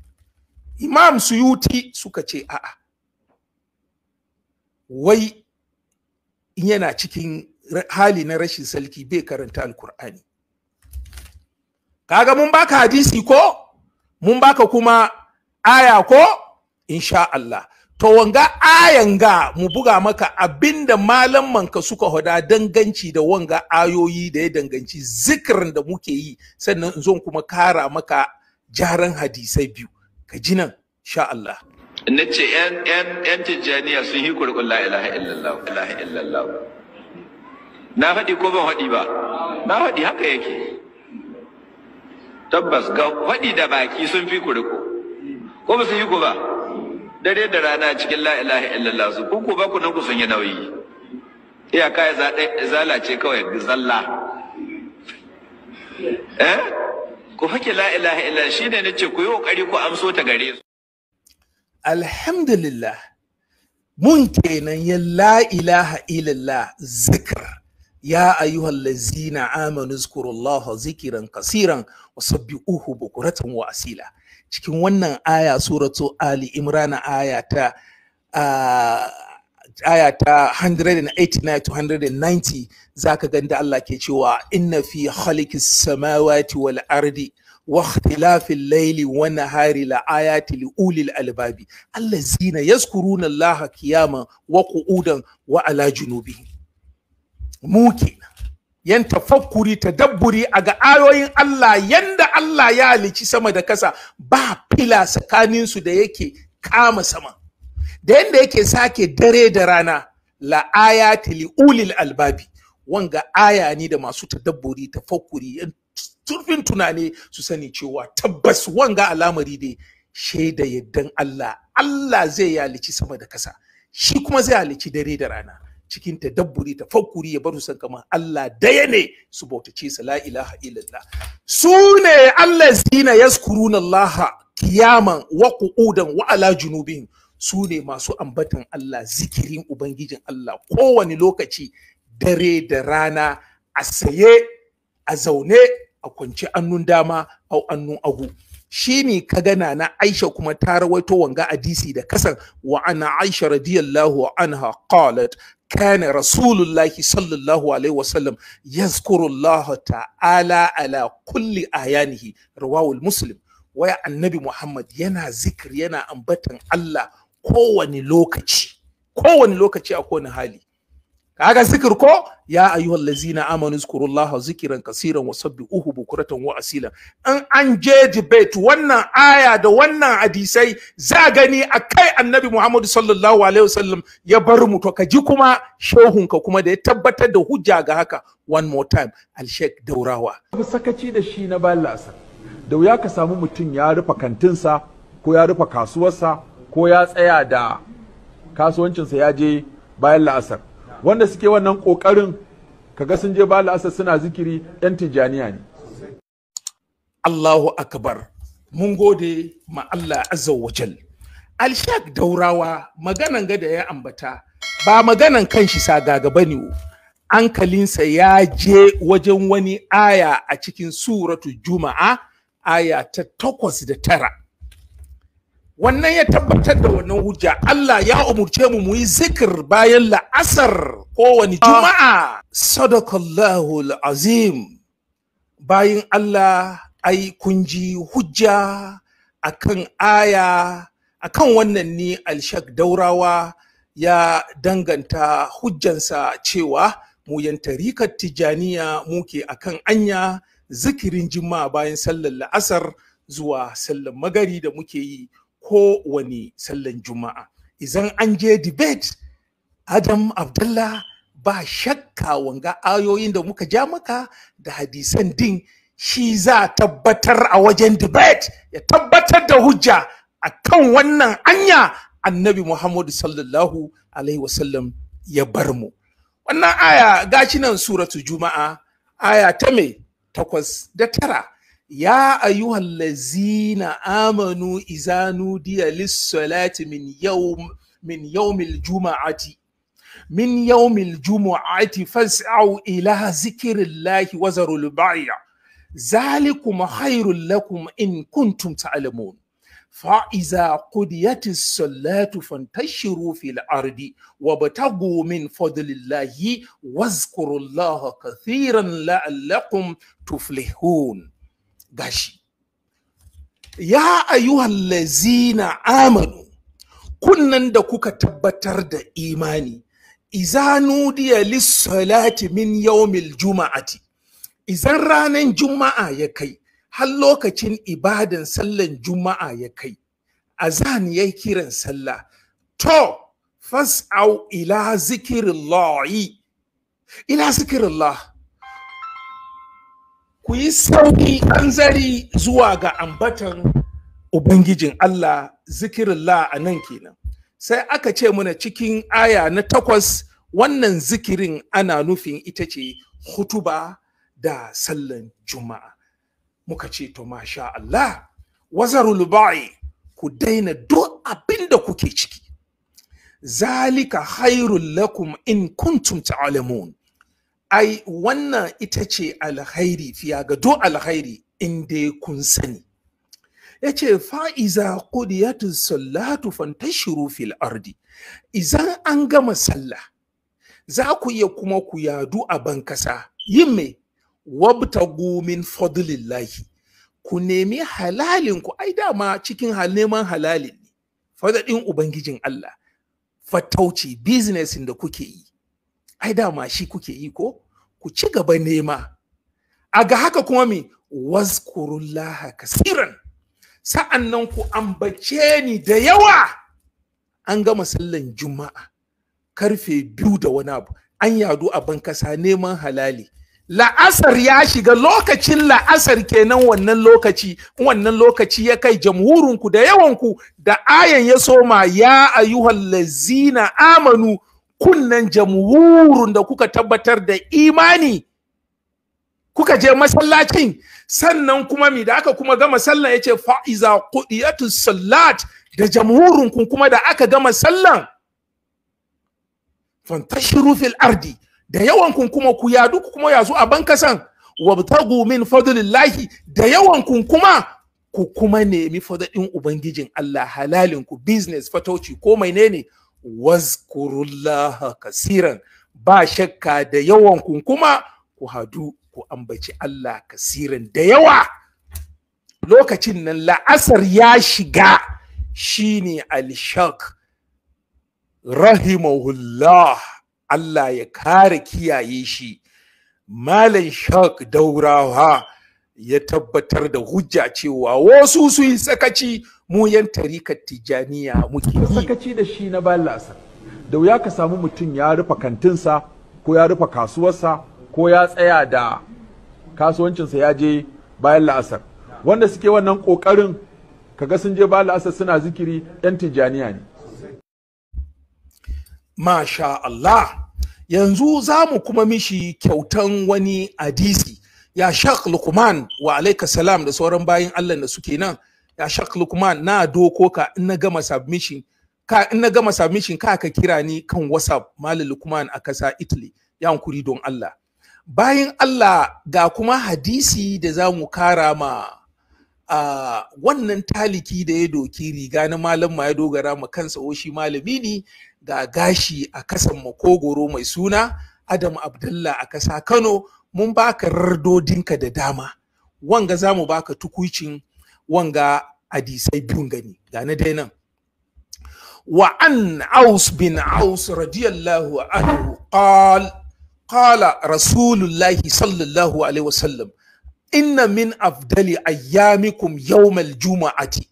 imam suyuti suka ce a'a wai yana cikin hali na rashin salki bai karanta alkur'ani kaga mun baka hadisi ko mun baka kuma aya ko insha Allah to wanga ayan ga mu buga maka abinda malaman ka suka hoda danganci da wanga ayoyi da ya danganci zikirin da muke yi sannan zan kuma kara maka jaran hadisai biyu ka ji nan sha Allah Nace ce yan tijaniya sun yi kurkun la ilaha illallah ilaha illallah na faɗi ko ban faɗi ba na faɗi haka yake tabbas ga faɗi da baki sun fi kurku ko ba su yi ko ba dare da rana cikin la ilaha illallah su ku ku ba ku nan ku sun yi nauyi iyaka ya zalace kawai zalla eh ku fake la ilaha illallah shine ce ku yi kokari ku amso ta gare su alhamdulillah mun kenan ya la ilaha illallah zikr يا أيها الذين آمنوا اذكروا الله ذكرا كثيرا وسبحوه بكرة وأسيلا cikin wannan aya suratu ali imrana aya ta uh, aya ta 189 to 190 zaka da Allah ke cewa inna fi khaliqis samawati wal ardi واختلاف الليل والنهار لآيات لأولي الألباب الذين يذكرون الله قياما وقعودا وعلى جنوبهم ممكن yan tafakkuri tadabburi a ga ayoyin Allah yanda Allah ya halici sama da kasa ba fila tsakanin su da yake kama sama da yanda yake sake dare da rana la ayati li ulil albabi wanga aya ne da masu dabburi, tafakkuri yan turfin tunani su sani cewa tabbas wanga alamari dai shaida yaddan Allah Allah zai halici sama da kasa shi kuma zai halici dare da rana cikin ta dabburi ta fakuri ya bar san kamar Allah daya ne su bautace sa la ilaha illallah su ne zina yaskuruna Allah kiyaman wa qu'udan wa ala su ne masu ambatan Allah zikirin ubangijin Allah kowane lokaci dare da rana a saye a zaune a kwance annun dama au annun agu shi ne ka gana na Aisha kuma ta rawaito wanga hadisi da kasan wa ana Aisha radiyallahu anha qalat kana rasulullahi sallallahu alaihi wasallam yazkurullahu ta'ala ala kulli ayanihi rawahul muslim waya annabi muhammad yana zikir yana ambatan allah kowani lokaci Kowani lokaci a kowani hali kaga zikir ko ya ayyuhal lazina amanu zkurullaha zikiran kasiran wa sabbihuhu bukuratan wa asila an an je debate wannan aya da wannan hadisai za gani akai annabi Muhammad sallallahu alaihi wasallam ya bar mu to ka ji kuma shehun ka kuma da ya tabbatar da hujja ga haka one more time al sheikh daurawa sakaci da shi na bayan la'asar da wuya ka samu mutum ya rufe kantinsa ko ya rufe kasuwarsa ko ya tsaya da kasuwancinsa ya je bayan la'asar wanda suke wannan ƙoƙarin kaga sun je bala asa suna zikiri yan Tijaniya ne Allahu akbar mun gode ma Allah azza jal. Alshak Daurawa maganan gada ya ambata ba maganan kanshi sagaga bane hankalinsa ya je wajen wani aya a cikin suratu Juma'a aya ta takwas da tara wannan ya tabbatar da wannan hujja Allah ya umurce mu muyi zikir bayan la'asar kowane ah. juma'a sadakallahu azim bayan Allah ai kunji hujja akan aya akan wannan ne alshak daurawa ya danganta hujjansa cewa mu yan tarikar tijaniya muke akan anya zikirin juma'a bayan sallar la'asar zuwa sallar magari da muke yi Ko wani sallan juma'a idan an je debate adam abdullah ba shakka wanga ayoyin da muka ja maka da hadisan din shi za tabbatar a wajen debate ya tabbatar da hujja a kan wannan anya annabi muhammadu sallallahu alaihi wasallam ya bar mu wannan aya gashi nan suratu juma'a aya ta mai takwas da tara ya ayyuhal lazina amanu iza nudiya lis-salati min yawm min yawmil juma'ati min yawmil jumu'ati fas'au ila zikrillahi wa zarul bai'a zalikum khairul lakum in kuntum ta'lamun فإذا قضيت الصلاة فانتشروا في الأرض وابتغوا من فضل الله واذكروا الله كثيرا لعلكم تفلحون gashi ya ayyuhan lazina amanu kunnan da kuka tabbatar da imani Izanu nudiya lissalati min yawmil juma'ati izan ranar juma'a ya kai har lokacin ibadan sallan juma'a ya kai azan ya kiran sallah to fas'au ila zikirin ila zikirin ku yi an zari zuwa ga ambatan ubangijin Allah zikirin a nan kenan sai aka ce mana cikin aya na takwas wannan zikirin ana nufin ita ce hutuba da sallan juma'a muka ce to masha Allah wazarul ba'i ku daina duk abin da kuke ciki zalika khairul lakum in kuntum ta'lamun ai wannan ita ce alkhairi fiya ga do alkhairi in dai kun sani ya ce fa'iza ƙudiyatu sallatu fantashiru fil ardi izan an gama sallah za ku iya kuma ku yadu a bankasa yin mai. wabtagu min fadlillahi ku nemi halalin ku ai dama cikin neman halalin ne fadadin ubangijin Allah fatauci business da kuke yi ai dama shi kuke yi ko ku ci gaba nema a ga haka kuma mi wazkurullaha kasiran sa'an nan ku ambace ni da yawa an gama sallan juma'a karfe biyu da wani abu an yadu a bankasa neman halali la'asar ya shiga lokacin la'asar kenan wannan lokaci wannan lokaci ya kai jamhurinku da yawanku da ayan ya soma ya ayyuhal lazina amanu kunnan jamhurun da kuka tabbatar da imani kuka je masallacin sannan kuma mi da aka kuma gama sallan yace fa iza qudiyatu sallat da jamhurun kun kuma da aka gama sallan fantashiru fil ardi da yawan kun kuma ku yadu kuma yazu a bankasan wabtagu min fadlillahi da yawan kun kuma ku kuma nemi fadadin ubangijin Allah halalin ku business fatoci ko mai wazkurullaha kasiran ba shakka da yawan kun kuma ku hadu ku ambaci Allah kasiran da yawa lokacin nan la'asar ya shiga shine alshak rahimahullah Allah ya kare kiyaye shi malam shak daurawa ya tabbatar da hujja cewa wasu su yi sakaci mu yan tarikar tijaniya muke yi sakaci da shi na bayan la'asar da wuya ka samu mutum ya rufe kantinsa ko ya rufe kasuwarsa ko ya tsaya da kasuwancinsa ya je bayan la'asar wanda suke wannan kokarin kaga sun je bayan la'asar suna zikiri yan tijaniya ne masha Allah yanzu za mu kuma mishi kyautan wani hadisi ya shaq lukman wa alaika salam da sauran bayin allah da suke nan ya shaq lukman na doko ka in na gama submission ka in na gama submission ka ka kira ni kan whatsapp malam lukman a kasa italy ya hankuri don allah bayin allah ga kuma hadisi da za mu kara ma a wannan taliki da ya doki riga na malam ma ya dogara ma kansa o shi malami ne ga gashi a kasan makogoro mai suna adam abdullah a kasa kano mun baka rardodinka da dama wanga za mu baka tukuicin wanga hadisai biyun gani ga na dai nan wa an aus bin aus radiyallahu anhu qal qala rasulullahi sallallahu alaihi wasallam inna min afdali ayyamikum yawm aljum'ati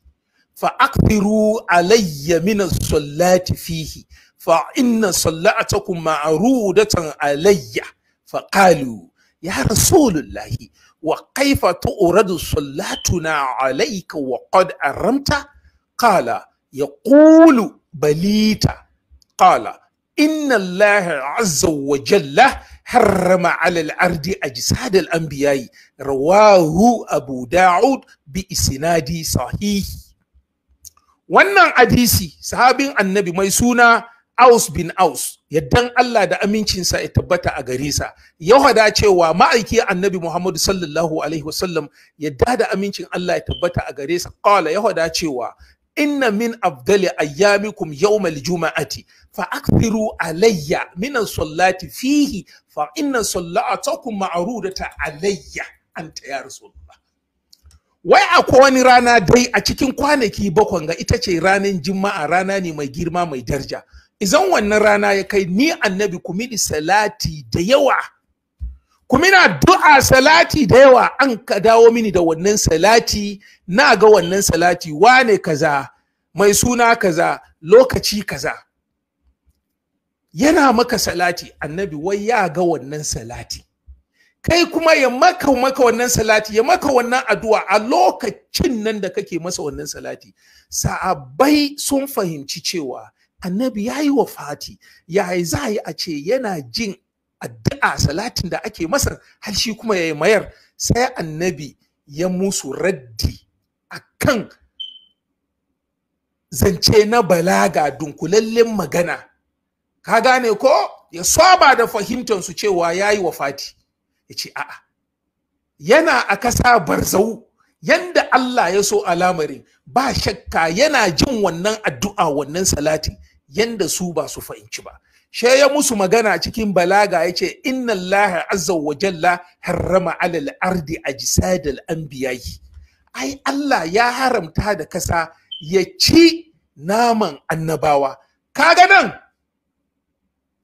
فأقدروا علي من الصلاة فيه فإن ma'rudatan alayya fa فقالوا ya rasulullahi wa kaifa tu'radu sallatuna alayka wa qad aramta qala yaqulu balita qala inna allaha azza wa jalla حرم على العرض أجساد الأنبياء رواه أبو داود بإسناد صحيح wannan hadisi sahabin annabi mai suna aus bin aus yaddan Allah da amincinsa ya tabbata a gare sa ya hada cewa ma'aiki annabi Muhammadu sallallahu alaihi wasallam yadda da amincin Allah ya tabbata a gare sa qala ya hada cewa inna min afdali ayyamikum yawmal juma'ati fa akthiru alayya min as-salati fihi fa inna salatakum ma'rudata alayya anta ya rasulullah wai akwai wani rana dai a cikin kwanaki bakwan ga ita ce ranar juma'a rana ne mai girma mai darja Izan wannan rana ya kai ni annabi ku mini salati da yawa. Ku du'a salati da yawa an ka dawo mini da wannan salati na ga wannan salati wane kaza mai suna kaza lokaci kaza. Yana maka salati annabi wai ya ga wannan salati. kai kuma ya maka maka wannan salati ya maka wannan addu'a a lokacin nan da kake masa wannan salati sa'abai sun fahimci cewa annabi ya yi wa fati ya za a yi a ce yana jin addu'a salatin da ake masa har shi kuma ya yi mayar sai annabi ya musu raddi a kan zance na balaga dunkulallen magana ka gane ko ya saba da fahimtansu cewa ya yi wa fati ya ce a'a yana a kasa barzau yanda Allah ya so alamarin ba shakka yana jin wannan addu'a wannan salatin yanda su ba su fahimci ba she ya musu magana cikin balaga ya ce inna allaha azza wa jalla harrama alal ardi ajsadal anbiya'i ai Allah ya haramta da kasa ya ci naman annabawa kaga nan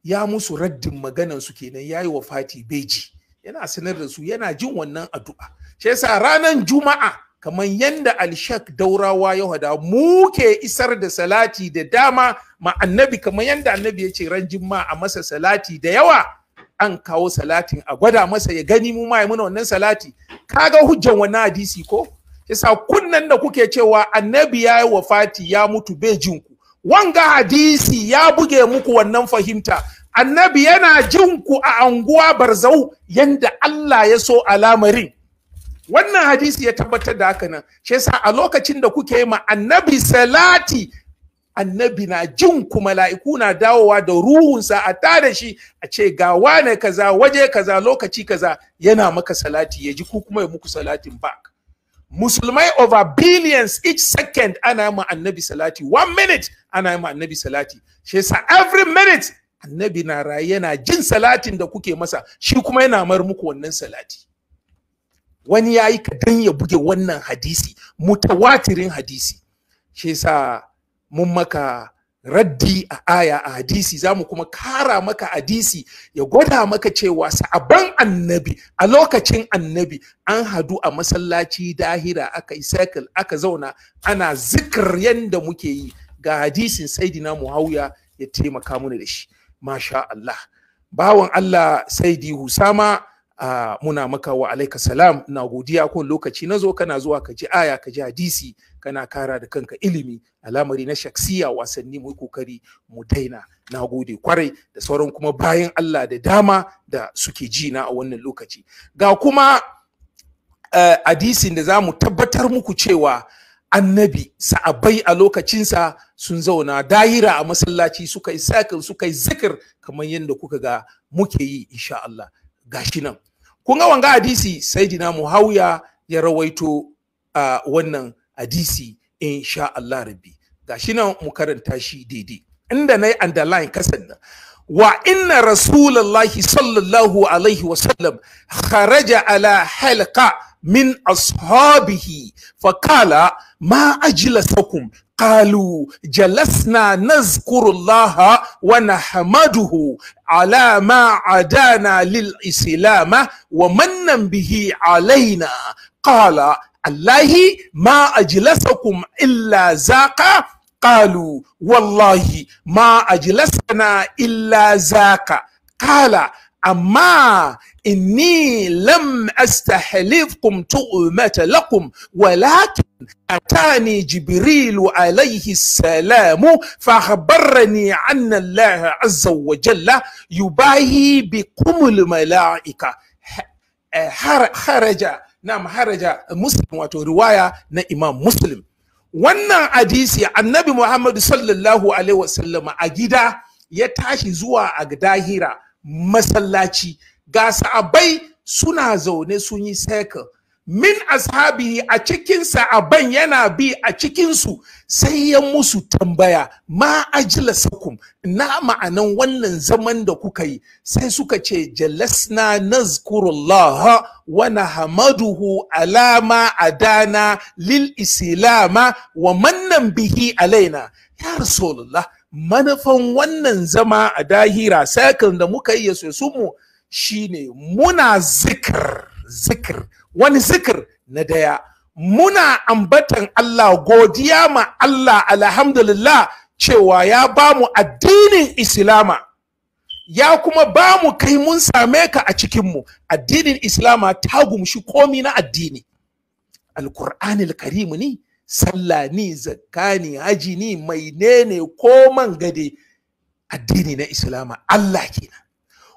ya musu raddin maganan su kenan yayi wafati fati beji yana sanar da su yana jin wannan addu'a shi yasa ranar juma'a kamar yanda alshak daurawa ya hada mu ke isar da salati da dama ma annabi kamar yadda annabi ya ce ran jimma a masa salati da yawa an kawo salatin a gwada masa ya gani mu ma muna wannan salati kaga hujjan wannan hadisi ko yasa kunnan da kuke cewa annabi ya yi wafati ya mutu bai jinku wanga hadisi ya buge muku wannan fahimta annabi yana jin ku a anguwa barzau yanda Allah ya so alamarin wannan hadisi ya tabbatar da haka nan shi yasa a lokacin da kuke ma annabi salati annabi na jin ku mala'iku na dawowa da ruhunsa a tada shi a ce ga wane kaza waje kaza lokaci kaza yana maka salati ya ji ku kuma ya muku salatin back musulmai over billions each second ana ma annabi salati one minute ana ma annabi salati shi yasa every minute annabi na raye yana jin salatin da kuke masa shi kuma yana mar muku wannan salati wani ya yi kadan ya buge wannan hadisi mutawatirin hadisi shi yasa mun maka raddi a aya a hadisi za mu kuma kara maka hadisi ya gwada maka cewa sa'aban annabi a lokacin annabi an hadu a masallaci dahira aka yi cycle aka zauna ana zikir yanda muke yi ga hadisin saidina muhawiya ya taimaka mana da shi masha Allah bawan Allah saidi Husama muna maka wa alaika salam na godiya kun lokaci na zo kana zuwa ka ji aya ka ji hadisi kana kara da kanka ilimi alamari na shaksiya wasanni mu kokari mu daina na gode kwarai da sauran kuma bayan Allah da dama da suke ji na a wannan lokaci ga kuma hadisin da za mu tabbatar muku cewa annabi sa'abai a lokacinsa sun zauna daira a masallaci suka yi sukayi suka yi zikir kamar yadda kuka ga muke yi insha Allah gashi nan kun ga wanga hadisi saidina muhawiya ya rawaito a wannan hadisi insha Allah rabbi gashi nan mu karanta shi daidai inda nayi underline kasan nan wa inna rasulullahi sallallahu alaihi wa sallam kharaja ala halqa min ashabihi fa qala ma ajlasakum قالوا جلسنا نذكر الله ونحمده على ما عدانا للإسلام ومن به علينا قال الله ما أجلسكم إلا ذاق قالوا والله ما أجلسنا إلا زاقا قال أما إني لم أستحلفكم تؤمة لكم ولكن أتاني جبريل عليه السلام فأخبرني أن الله عز وجل يباهي بكم الملائكة خرج نعم خرج مسلم وترواية إمام مسلم wannan hadisi annabi Muhammadu sallallahu alaihi wasallam a gida ya tashi zuwa a dahira masallaci ga sa'abai suna zaune sun yi circle min ashabi a cikin sa'aban yana bi a cikinsu sai ya musu tambaya ma ajila sakum na ma'anan wannan zaman da kuka yi sai suka ce jalasna nazkurullah wa nahmaduhu alama adana lil islama wa mannan bihi alaina ya rasulullah manufan wannan zama a dahira sakin da muka yi ya mu shine muna zikir zikir wani zikir na daya muna ambatan Allah godiya ma Allah alhamdulillah cewa ya bamu addinin islama ya kuma bamu kai mun same ka a cikinmu addinin islama ta gumshi komi na addini alkur'anil karimu ni sallah ni zakka ni haji ni mai ne ko man gade addini na islama Allah kenan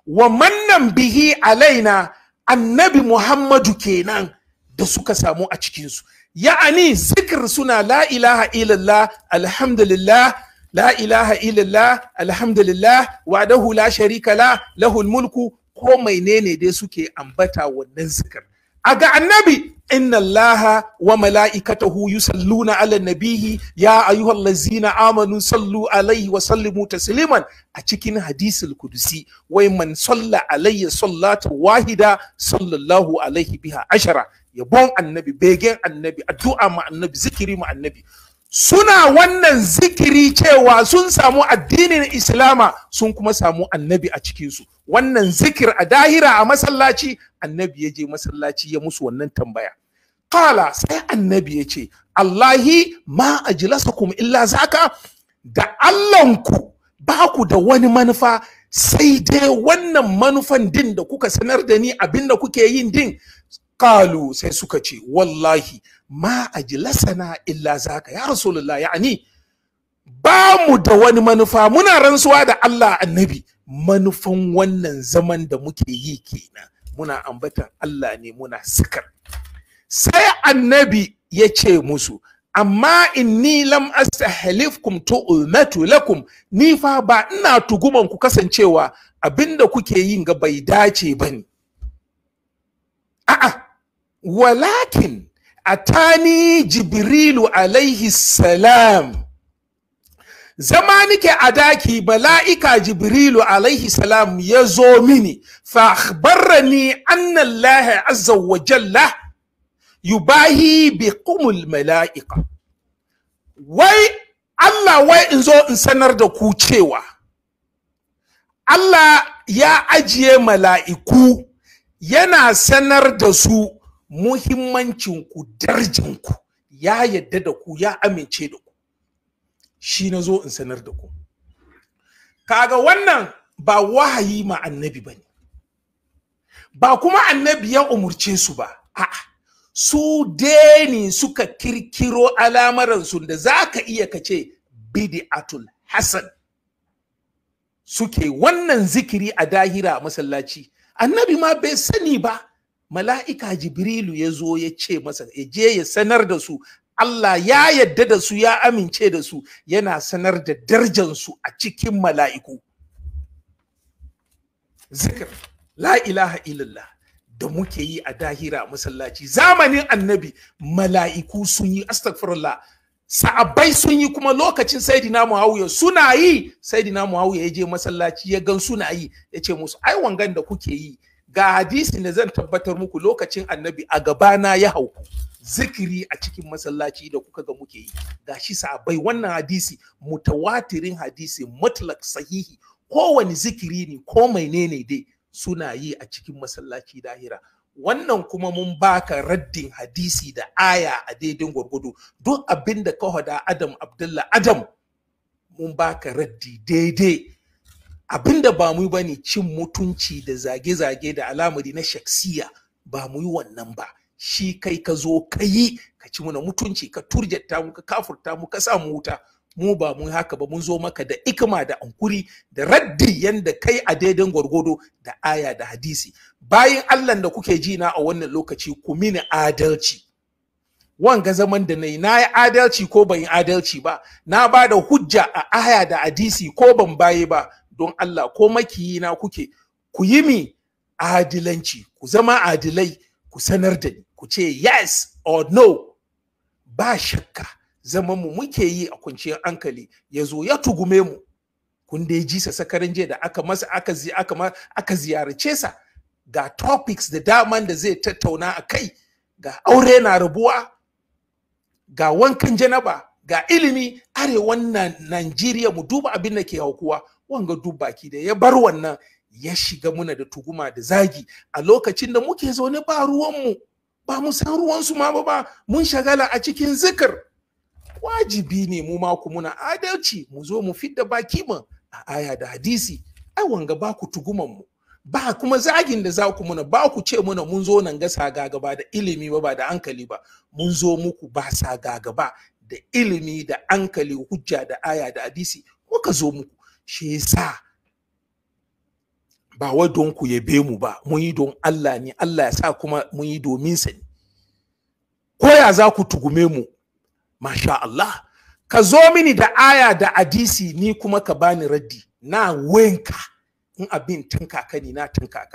wa mannan bihi alaina annabi muhammadu kenan da suka samu a cikinsu ya'ani zikir suna la ilaha illallah alhamdulillah la ilaha illallah alhamdulillah wadahu la sharika la lahul mulku ko mai ne dai suke ambata wannan zikir a ga annabi inna allaha wa mala'ikatahu yusalluna ala nabihi ya ayyuhal lazina amanu sallu alaihi wa sallimu tasliman a cikin hadisul kudusi wai man salla alayya sallata wahida sallallahu alaihi biha ashara yabon annabi begen annabi addu'a ma annabi zikiri ma annabi suna wannan zikiri cewa sun samu addinin islama sun kuma samu annabi a cikinsu wannan zikir a dahira a masallaci annabi ya je masallaci ya musu wannan tambaya kala sai annabi ya ce allahi ma ajlasakum illa zaka da allahnku ba ku da wani manufa sai dai wannan manufan din da kuka sanar da ni abin da kuke yin din kalu sai suka ce wallahi ma ajlasana illa zaka ya rasulullah yani ba mu da wani manufa muna rantsuwa da Allah annabi manufan wannan zaman da muke yi kenan muna ambata Allah ne muna sikar sai annabi ya ce musu amma inni lam astahlifkum tu'matu lakum ni fa ba ina tuguman ku kasancewa abinda kuke yin ga bai dace bane a'a walakin atani jibrilu alaihi salam zama nike a daki mala'ika jibrilu alaihi salam ya zo mini fa akhbarani anna Allah azza wa jalla yubahi bi qumul mala'ika wai Allah wai in zo in sanar da ku cewa Allah ya ajiye mala'iku yana sanar da su muhimmancin ku muhimmancinku ku ya yadda da ku ya amince da ku shi na zo in sanar da ku kaga wannan ba wahayi ma annabi ba ne ba kuma annabi ya umurce su ba a'a su deni suka kirkiro alamaransu da za ka iya kace bid'atul hasan suke wannan zikiri a dahira masallaci annabi ma bai sani ba mala'ika jibrilu ya zo ya ce masa ya je ya sanar da su Allah ya yadda da su ya amince da su yana sanar da darjansu a cikin mala'iku zikir la ilaha illallah da muke yi a dahira masallaci zamanin annabi mala'iku sun yi astagfirullah sa'abbai sun yi kuma lokacin saidina muawiya suna yi saidina muawiya ya je masallaci ya gan suna yi ya ce musu ai wangan da kuke yi ga hadisi da zan tabbatar muku lokacin annabi a gabana ya hau zikiri a cikin masallaci da kuka ga muke yi Ga shi sabai wannan hadisi mutawatirin hadisi mutlak sahihi kowane zikiri ne ko menene dai suna yi a cikin masallaci dahira wannan kuma mun baka raddin hadisi da aya a daidin gwargwado duk abinda ka hada adam abdullah adam mun baka raddi daidai abinda da ba mu ba ne cin mutunci da zage-zage da alamari na shaksiya ba mu wannan ba shi kai ka zo ka yi ka ci muna mutunci ka turjatta mu ka kafurta mu ka sa mu wuta mu ba mu haka ba mun zo maka da ikima da ankuri da raddi yanda kai a daidan gwargwado da aya da hadisi bayan Allah da kuke ji na a wannan lokaci ku mini adalci wanga zaman da nayi na yi adalci ko ban yi adalci ba na bada hujja a aya da hadisi ko ban baye ba don Allah ko makiyi na kuke ku yi mi adilanci ku zama adilai ku sanar da ni ku ce yes or no ba shakka zaman mu muke yi a kwanciyar hankali ya zo ya tugume mu kun ya ji sa sakarin jiya da aka masa aka zi aka ma aka ziyarce sa ga topics da daman da zai tattauna a kai ga aure na rabuwa ga wankan janaba ga ilimi arewan Najeriya mu duba abin da ke haukuwa wanga duk baki da ya bar wannan ya shiga muna da tuguma da zagi a lokacin da muke zaune ba ruwanmu ba mu san ruwansu ma ba mun shagala a cikin zikir wajibi ne mu ma ku muna adalci mu zo mu fidda baki mu a aya da hadisi ai wanga ba ku tuguman mu ba kuma zagin da za ku muna ba ku ce muna mun zo nan ga saga gaba da ilimi ba ba da hankali ba mun zo muku ba saga gaba da ilimi da hankali hujja da aya da hadisi muka zo muku shi yasa ba wai don ku yabe mu ba mun yi don Allah ne Allah ya sa kuma mun yi domin sa ne ko ya za ku tugume mu masha Allah ka zo mini da aya da hadisi ni kuma ka bani raddi na wenka in abin tankaka ni na ka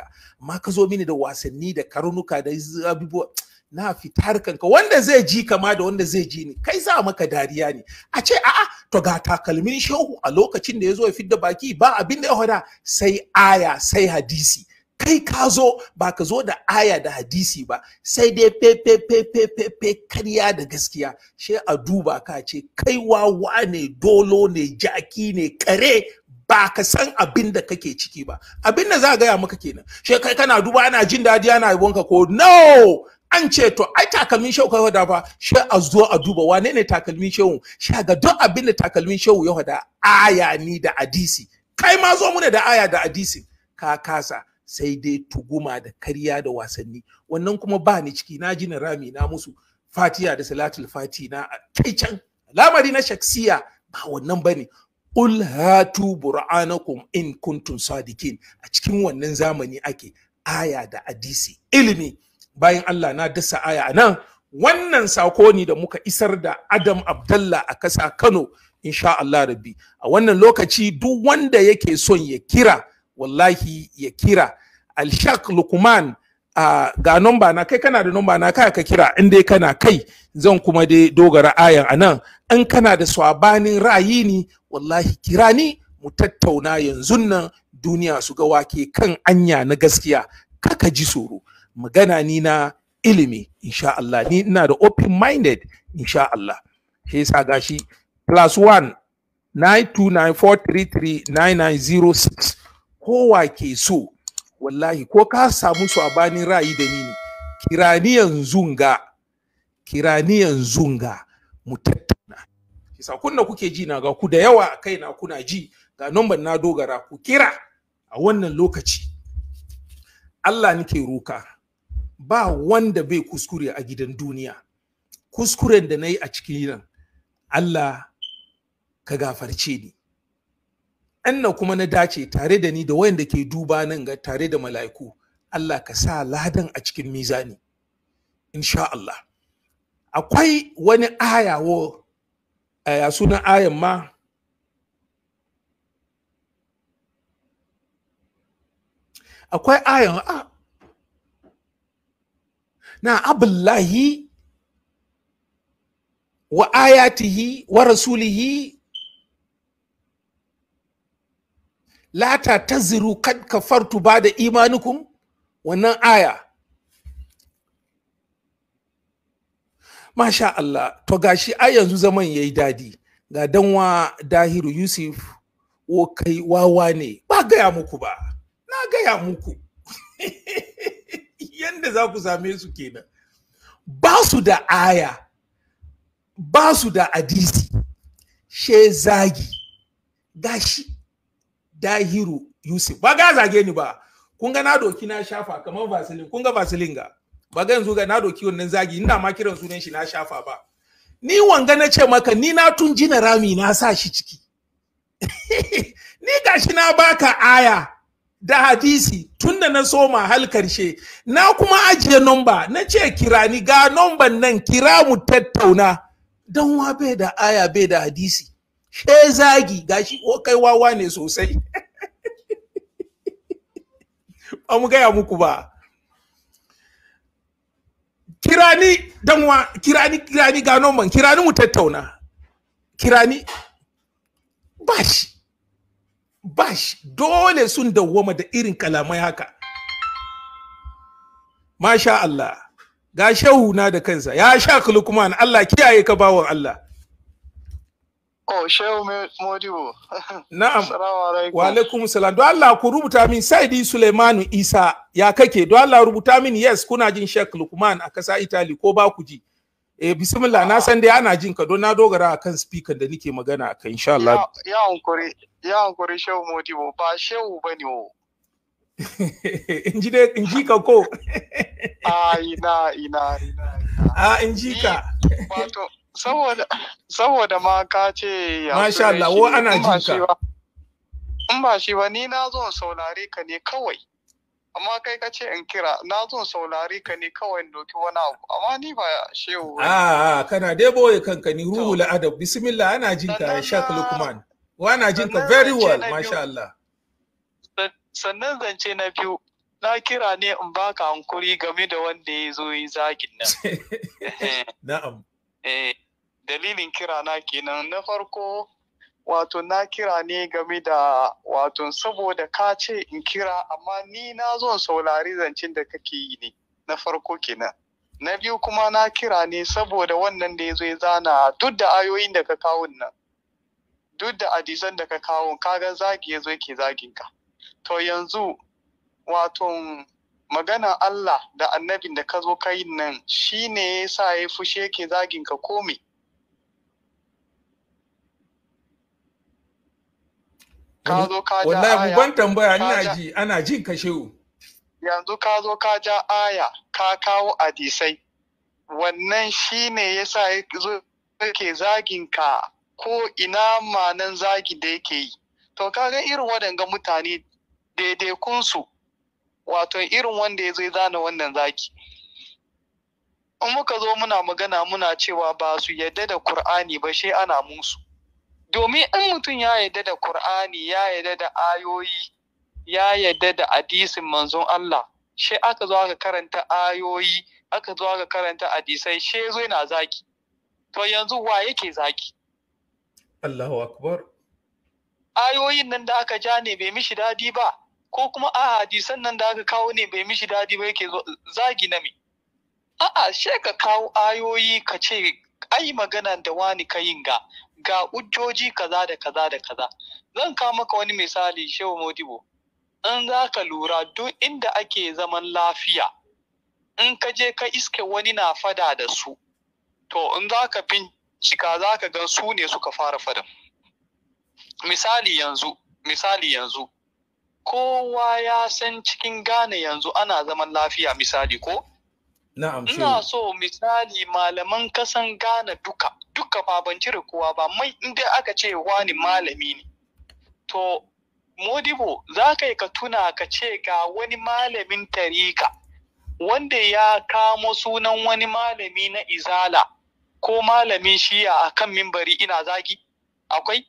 amma ka zo mini da wasanni da karnuka da abubuwa na fita harkanka wanda zai ji kama da wanda zai ji ni kai za maka dariya ne a ce a'a to ga takalmin shehu a lokacin da ya zo ya fidda baki ba abin da ya hada sai aya sai hadisi kai ka zo ba ka zo da aya da hadisi ba sai dai fefe karya da gaskiya she a duba ka ce kai wawa ne dolo ne jaki ne kare ba ka san abin da kake ciki ba abin da za a gaya maka kenan she kai kana duba ana jin dadi ana yabonka ko no an ce to ai takalmin shehu kai hada fa shi a zo a duba wane ne takalmin shehu shi ga duk abin da takalmin shehu ya hada aya ni da hadisi kai ma zo muna da aya da hadisi ka kasa sai dai tuguma da karya da wasanni wannan kuma ba ni ciki na ji na rami na musu fatiya da salatul fati na kai can lamari na shaksiya ba wannan bane qul hatu bur'anakum in kuntum sadikin a cikin wannan zamani ake aya da hadisi ilimi bayan Allah na dasa aya nan wannan sako ne da muka isar da Adam Abdallah a kasa Kano insha Allah rabbi a wannan lokaci duk wanda yake son ya kira wallahi ya kira Alshak Lukman uh, ga number na kai kana da number na kai ka kira in dai kana kai zan kuma dai dogara ayan anan in kana da swabanin ra'ayi ne wallahi kira ni mu tattauna yanzu nan duniya su ga wake kan anya na gaskiya kaka ji tsoro magana ni na ilimi insha Allah ni ina da open minded insha Allah shi yasa gashi plus one nine two nine kowa ke so wallahi ko ka samu su a bani ra'ayi da ni ne kirani yanzu ga kirani yanzu ga mu tattauna kisa kunna kuke ji na ga ku da yawa a kaina kuna ji ga number na dogara ku kira a wannan lokaci Allah nike ruka. ba wanda bai kuskure a gidan duniya kuskuren da na yi a cikin nan Allah ka gafarce ni na kuma na dace tare da ni da wayanda ke duba nan ga tare da mala'iku Allah ka sa ladan a cikin mizani insha Allah akwai wani ayawo wo eh, ya sunan ayan ma akwai ayan ah, na abullahi wa ayatihi wa rasulihi la ta taziru ka kafartu ba da imanukum wannan aya masha Allah to gashi a yanzu zaman ya yi daɗi. ga danwa dahiru yusuf wo kai wawa ne ba gaya muku ba na gaya muku yanda za ku same su kenan ba su da aya ba su da adisi. she zagi gashi dahiru yusuf ba ga zage ni ba kun ga na doki na shafa kamar vaseline kun ga vaseline ga ba ga yanzu ga na doki wannan zagi ina ma kiran sunan shi na shafa ba ni wanga na ce maka ni na tun jina rami na sa shi ciki ni gashi na baka aya da hadisi tun da na soma hal karshe na kuma ajiye nomba na ce kira ni ga nomban nan kira mu tattauna don wa bai da aya bai da hadisi she zagi gashi kai wawa ne sosai ba mu gaya muku ba kirani danwa kirani kirani ga nomban kirani mu tattauna kirani ba shi bash dole sun dawwama da irin kalamai haka masha Allah ga shehu na da kansa ya sha kulukman Allah kiyaye ka bawon Allah Oh, Shehu Modibo. Na'am. Wa alaikum salam. Don Allah ku rubuta min Saidi Suleimanu Isa ya kake. Don Allah rubuta min yes kuna jin Sheikh Lukman a kasa Italy ko ba ku ji. Eh bismillah na san dai ana jin ka don na dogara akan speaker da nike magana akan insha Allah. Ya hankuri ya hankuri shehu Modibo ba shehu bane o. in ji dai in ji ka ko. A ah, ina ina ina. A ah, in ji ka. Wato saboda saboda ma ka ce ya. Masha Allah wo ana jin ka. In ba shi ba ni na zo saurare ka ne kawai. amma kai ka ce in kira na zo saurari ka ne kawai in doki wani abu amma ni ba shehu a a ah, ah, kana dai boye kanka ni ruhu la'adab bismillah ana jin ya sha lukman wa ana jin ka very well masha Allah sannan zance na biyu na kira ne in baka hankuri game da wanda ya zo yi zagin nan na'am eh dalilin kira na kenan na farko wato na kira ne game da wato saboda ka ce in kira amma ni na zo saurari zancen da kake yi ne na farko kenan na biyu kuma na kira ne saboda wannan da ya zo ya zana duk da ayoyin da ka kawo nan duk da adisan da ka kawo kaga zagi ya zo yake zagin ka to yanzu wato magana Allah da annabin da ka zo ka yi nan shine yasa ya fushe yake zagin ka komai ka zo ka ja wallahi ji ana jin ka yanzu ka zo ka ja aya ka kawo hadisai wannan shine yasa yazo yake zagin ka ko ina manan zagi da yake yi to kaga irin waɗanga mutane daidai kunsu, wato irin wanda ya zai zana wannan zaki in muka zo muna magana muna cewa ba su yadda da Kur'ani ba shi ana musu domin in mutum ya yarda da Kur'ani ya yarda da ayoyi ya yarda da hadisin manzon Allah she aka zo aka karanta ayoyi aka zo aka karanta hadisai she zo yana zaki to yanzu wa yake zaki Allahu akbar ayoyin nan da aka ja ne bai mishi dadi ba ko kuma a hadisan nan da aka kawo ne bai mishi dadi ba yake zagi na me a'a she ka kawo ayoyi ka ce ai magana da wani ka yin ga ga ujjoji kaza da kaza da kaza zan kawo maka wani misali shehu modibo in za ka lura duk inda ake zaman lafiya in ka je ka iske wani na fada da su to in za ka bincika za ka gan su ne suka fara fadan misali yanzu misali yanzu kowa ya san cikin gane yanzu ana zaman lafiya misali ko Na'am Ina so misali malaman kasan Ghana duka, duka ba ban kowa ba, mai inda aka ce wani malami ne. To, Modibo, za ka yi ka tuna ka ce ga wani malamin tarika, wanda ya kamo sunan wani malami na izala ko malamin shiya a kan mimbari ina zagi? Akwai?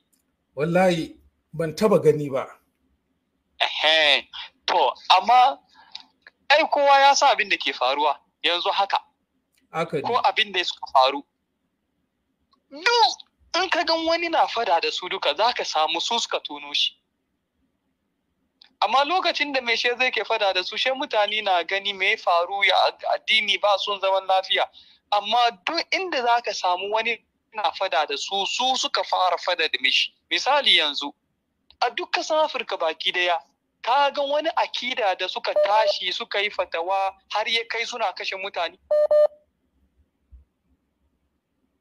Wallahi, ban taba gani ba. Ehe, to, amma, ai kowa ya sa abin da ke faruwa. yanzu haka ko abin da suka faru duk in ka gan wani na fada da su duka za ka samu su suka tono shi amma lokacin da mai she zai ke fada da su she mutane na gani mai faru ya addini ba sun zaman lafiya amma duk inda za ka samu wani na fada da su su suka fara fada da mishi misali yanzu a duk kasan afirka baki daya ka ga wani akida da suka tashi suka yi fatawa har ya kai suna kashe mutane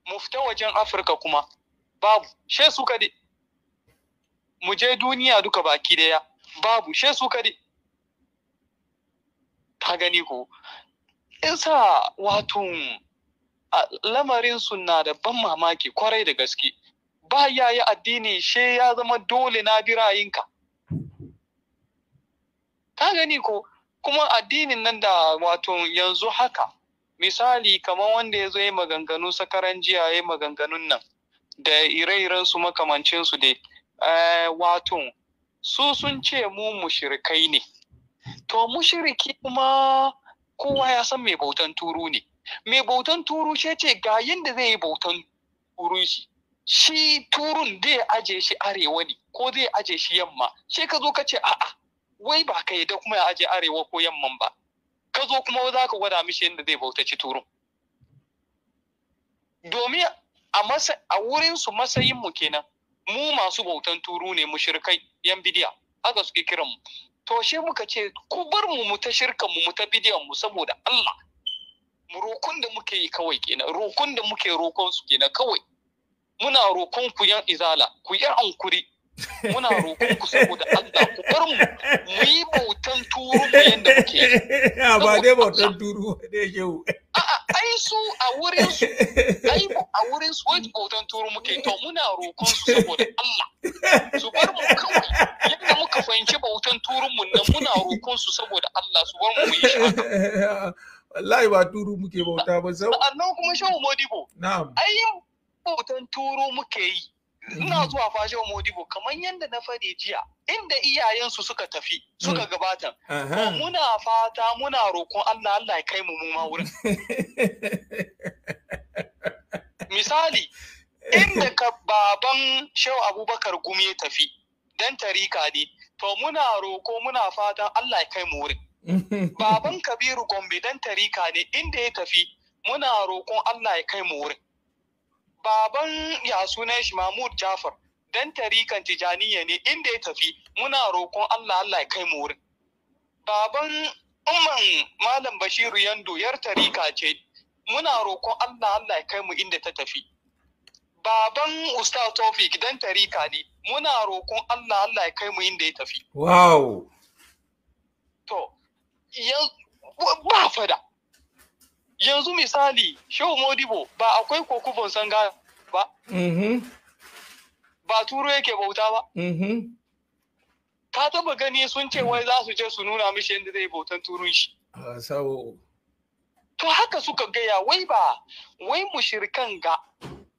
mufta wajen afirka kuma babu she suka kaɗe mu je duniya duka baki daya babu she suka kaɗe ka gani ko isa wato lamarinsu na da ban mamaki kwarai da gaske ba yayi addini she ya zama dole na bi ra'ayinka ka gani ko kuma addinin nan da wato yanzu haka misali kamar wanda ya zo ya maganganu sakaran jiya ya maganganun nan da ire-iren su makamancin su dai eh, wato su sun ce mu mushirikai ne to mushiriki kuma kowa ya san mai bautan turu ne mai bautan turu ce ce ga yadda zai yi bautan turu shi shi turun zai aje shi arewa ne ko zai aje shi yamma shi ka zo ka ce a'a wai ba ka yadda kuma ya aje arewa ko yamman ba ka zo kuma za ka gwada mishi yadda zai bautaci turun domin a wurinsu matsayinmu kenan mu masu bautan turu ne mu shirkai yan bidiya haka suke kiran mu to shi muka ce ku bar mu mu ta shirkan mu ta bidiyan mu saboda Allah mu rokon da muke yi kawai kenan rokon da muke rokon su kenan kawai muna rokon ku yan izala ku yi ankuri muna roƙon ku saboda Allah ku bar mu mu yi bautan turu mu yanda muke ya ba dai bautan turu ne ke wu a'a ai su a wurin su ai a wurin su wai bautan turu muke to muna roƙon su saboda Allah su bar mu kawai yadda muka fahimci bautan turun mu nan muna roƙon su saboda Allah su bar mu mu yi haka wallahi ba turu muke bauta ba sau kuma shan modibo na'am ai bautan turu muke yi ina mm-hmm. zuwa fashe modibo kamar yadda na fari jiya inda iyayensu suka tafi suka mm. gabatan muna fata muna roƙon Allah Allah ya kai mu mu ma wurin misali inda ka baban Shehu Abubakar Gumi ya tafi don tarika ne to muna roƙo muna fatan Allah ya kai mu wurin baban Kabiru Gombe don tarika ne inda ya tafi muna roƙon Allah ya kai mu wurin baban ya sunan shi Mahmud Jafar dan tarikan tijaniya ne inda ya tafi muna roƙon Allah Allah ya kai mu wurin baban umman malam Bashiru Yando yar tarika ce muna roƙon Allah Allah ya kai mu inda ta tafi baban Ustaz Tofik dan tarika ne muna roƙon Allah Allah ya kai mu inda ya tafi wow to ya ba fada yanzu misali shehu modibo ba akwai kokubon sanga ba mm-hmm. ba turo yake bauta ba mm-hmm. ka taba gani sun ce wai za su je su nuna mishi yadda zai bautan turun shi ah, to haka suka gaya wai ba wai mushirkan ga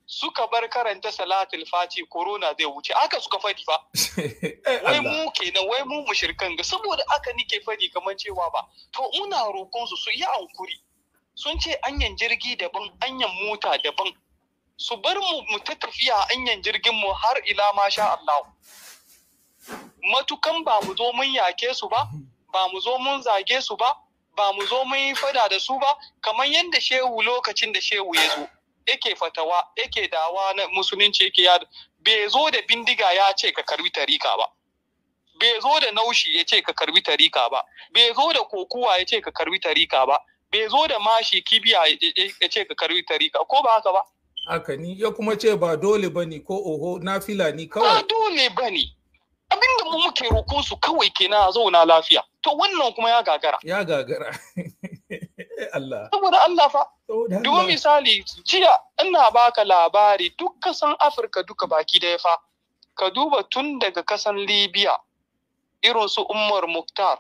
suka bar karanta salatul fati corona zai wuce haka suka fadi ba eh, wai mu kenan wai mu mushirkan ga saboda aka nike fadi kamar cewa ba to muna roƙon su su yi ankuri sun ce anyan jirgi daban anyan mota daban su bar mu mu ta tafiya anyan jirgin mu har ila ma sha Allah matukan ba mu zo mun yake su ba ba mu zo mun zage su ba ba mu zo mun yi fada da su ba kamar yadda shehu lokacin da shehu ya zo yake fatawa yake dawa na musulunci yake ya bai zo da bindiga ya ce ka karbi tarika ba bai zo da naushi ya ce ka karbi tarika ba bai zo da kokuwa ya ce ka karbi tarika ba bai zo da mashi kibiya ya ce ka karbi tarika ko ba haka ba haka ni ya kuma ce ba dole ba ne ko oho na fila ni kawai ba dole ba ne abinda mu muke roƙon su kawai kenan a zauna lafiya to wannan kuma ya gagara ya gagara Allah saboda Allah fa duba misali jiya ina baka labari duk kasan Afirka duka baki daya fa ka duba tun daga kasan Libya irin su Umar Muktar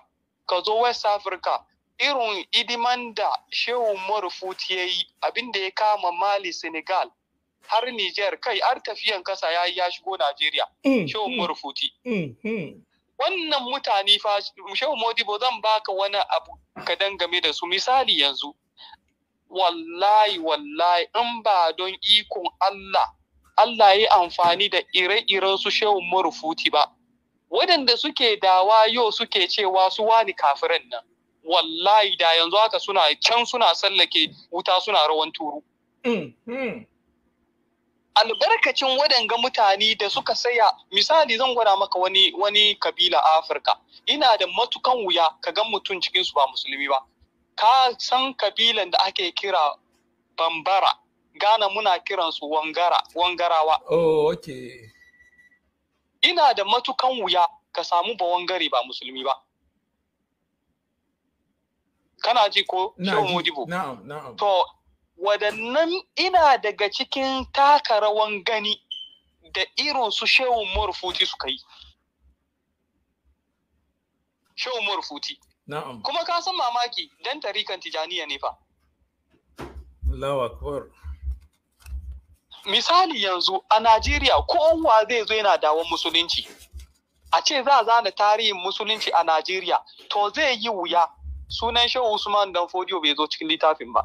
ka zo West Africa irin idiman da shehu marufut ya yi abinda ya kama mali senegal har niger kai har tafiyan kasa ya ya shigo najeriya mm, shehu mm. marufuti mm, wannan mutane fa shehu modibo zan baka wani abu ka dangame da su misali yanzu wallahi wallahi in ba don ikon allah allah ya yi amfani da ire-iren su shehu marufuti ba waɗanda suke dawa yau suke cewa su wani kafiran nan wallahi da yanzu haka suna can suna sallake wuta suna rawan turu. Hmm, hmm. Albarkacin waɗanga mutane da suka saya misali zan gwada maka wani wani kabila a Afirka ina da matukan wuya ka gan mutum cikinsu su ba musulmi ba ka san kabilan da ake kira bambara gana muna kiransu wangara wangarawa oh okay ina da matukan wuya ka samu ba wangare ba musulmi ba kana ji ko shehu modibo to waɗannan ina daga cikin taka rawan gani da irin su shehu marufuti suka yi shehu marufuti kuma ka san mamaki don tarikan tijaniya ne fa misali yanzu a Najeriya kowa zai zo yana dawon musulunci a ce za a zana tarihin musulunci a Najeriya to zai yi wuya sunan shehu usman dan fodiyo bai zo cikin littafin ba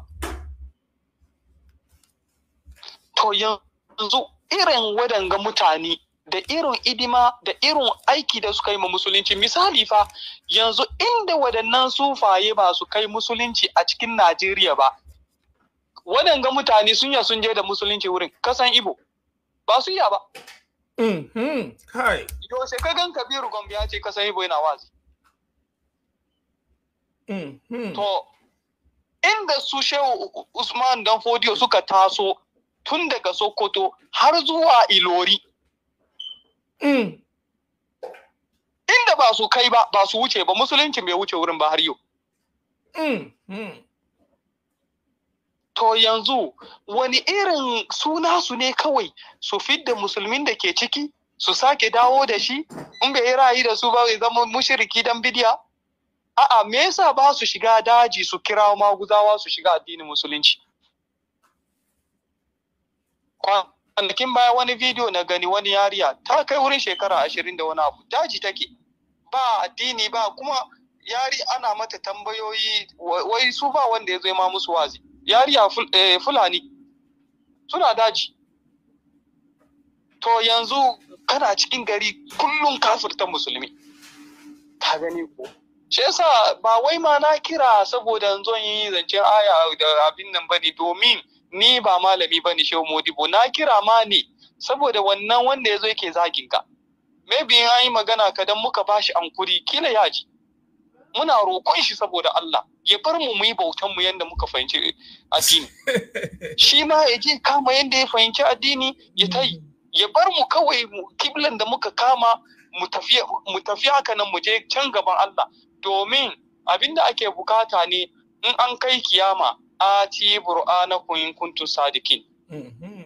to yanzu irin wadanga mutane da irin idima da irin aiki da suka yi ma musulunci misali fa yanzu inda waɗannan sufaye ba su kai musulunci a cikin najeriya ba waɗanga mutane sun ya sun je da musulunci wurin kasan ibo ba su ya ba mhm, yau sai gan kabiru gombe ya ce kasan ibo yana wazi Mm-hmm. To, inda su Shehu Usman dan Fodiyo suka taso tun daga Sokoto har zuwa Ilori. Mm. Inda ba su kai ba, ba su wuce ba, musulunci bai wuce wurin ba har yau. Mm-hmm. To yanzu wani irin suna su ne kawai su fidda musulmin da ke ciki su sake dawo da shi in bai yi rayu da su ba zama mushiriki dan bidiya. a'a me yasa ba su shiga daji su kira maguzawa su shiga addinin musulunci kwanakin baya wani bidiyo na gani wani yariya ta kai wurin shekara ashirin da wani abu daji take ba addini ba kuma yari ana mata tambayoyi wai su ba wanda ya zo ma musu wazi yariya eh, fulani suna daji to yanzu kana cikin gari kullum kafirta musulmi Ta gani ko shi yasa ba wai ma na kira saboda zan yi zancen aya da abin nan bane domin ni ba malami bane shehu modibo na kira ma ne saboda wannan wanda ya zo yake zagin ka maybe an yi magana ka kadan muka bashi ankuri kila ya ji muna roƙon shi saboda Allah ya bar mu mu yi bautan mu yanda muka fahimci addini shi ma ya je kama yanda ya fahimci addini ya yi ya bar mu kawai kiblan da muka kama mu tafi haka nan mu je can gaban Allah domin abinda ake bukata ne in an kai kiyama a ti bur'ana kun kuntu sadikin mm-hmm.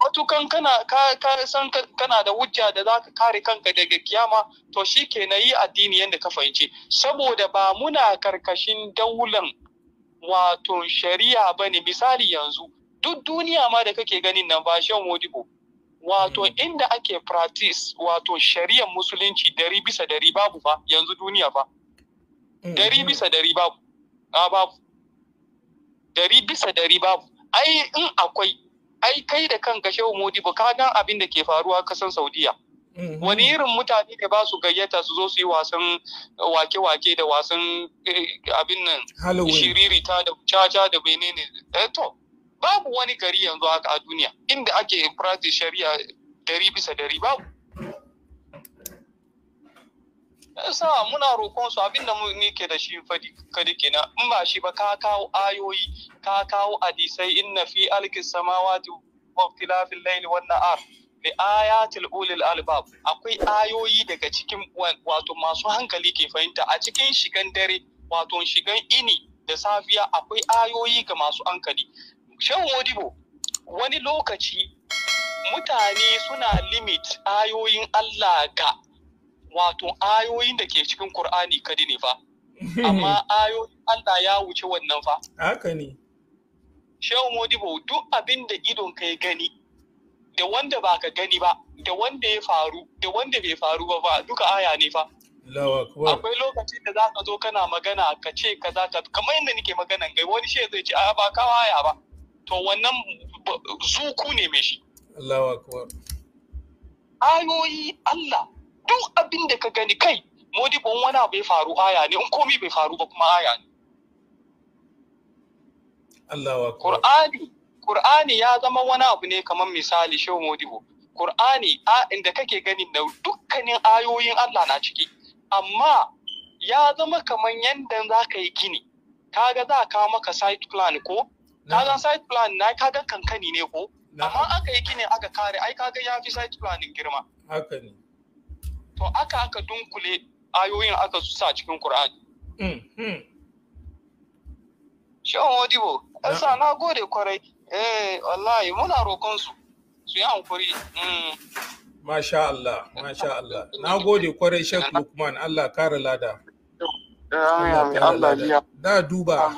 matukan kana ka san kana da hujja da zaka kare kanka daga kiyama to shi ke na yi addini yadda ka fahimci saboda ba muna karkashin daulan wato shari'a ba ne, misali yanzu duk duniya ma da kake ganin nan ba shan wodibo wato mm. inda ake practice wato shari'ar musulunci dari bisa dari babu ba yanzu duniya ba mm, dari mm. bisa dari babu a babu dari bisa dari babu ai in akwai ai kai da kan shehu modibo ka gan abin da ke faruwa kasan saudiya wani irin mutane ne ba su gayyata su zo su yi wasan eh, wake-wake da wasan eh, abin nan shiririta da caca da menene eh, to babu wani gari yanzu haka a duniya inda ake practice shari'a dari bisa dari babu sa muna roƙonsu su abinda mu ke da shi fadi kada kenan in ba shi ba ka kawo ayoyi ka kawo hadisai inna fi alkis samawati wa ikhtilafil layli wan nahar li ayatil ulil albab akwai ayoyi daga cikin wato masu hankali ke fahimta a cikin shigan dare wato shigan ini da safiya akwai ayoyi ga masu hankali Shehu Modibo, wani lokaci mutane suna limit ayoyin Allah ga wato ayoyin da ke cikin Kur'ani kadi ne fa. Amma ayoyin Allah ya wuce wannan fa. Haka ne. Shehu Modibo duk abin da idon ka ya gani, da wanda ba ka gani ba, da wanda ya faru, da wanda bai faru ba ba duka aya ne fa. Akwai lokacin da za ka zo kana magana ka ce ka za ka kamar yadda nake maganan gai wani shi zai ce a ba kawo aya ba. to wannan zuku ne mai shi Allahu akbar ayoyi Allah duk abin da ka gani kai modibin wani bai faru aya ne in komi bai faru ba kuma aya ne Allah akbar Qur'ani Qur'ani ya zama wani abu ne kamar misali shehu modibo Qur'ani a inda kake ganin da dukkanin ayoyin Allah na ciki amma ya zama kamar yadda za ka yi gini kaga za ka maka site plan ko kaga site plan na kaga kankani ne ko amma aka yi ginin aka kare ai kaga ya fi site planning girma haka ne to aka aka dunkule ayoyin aka sa cikin Qur'ani hmm, hmm. Shin Modibo, sa na gode kwarai, eh wallahi muna roƙon su su yi hankuri. Hmm. Masha Allah, masha Allah. Na gode kwarai Sheikh Lukman, Allah kare lada. Allah ya Da duba.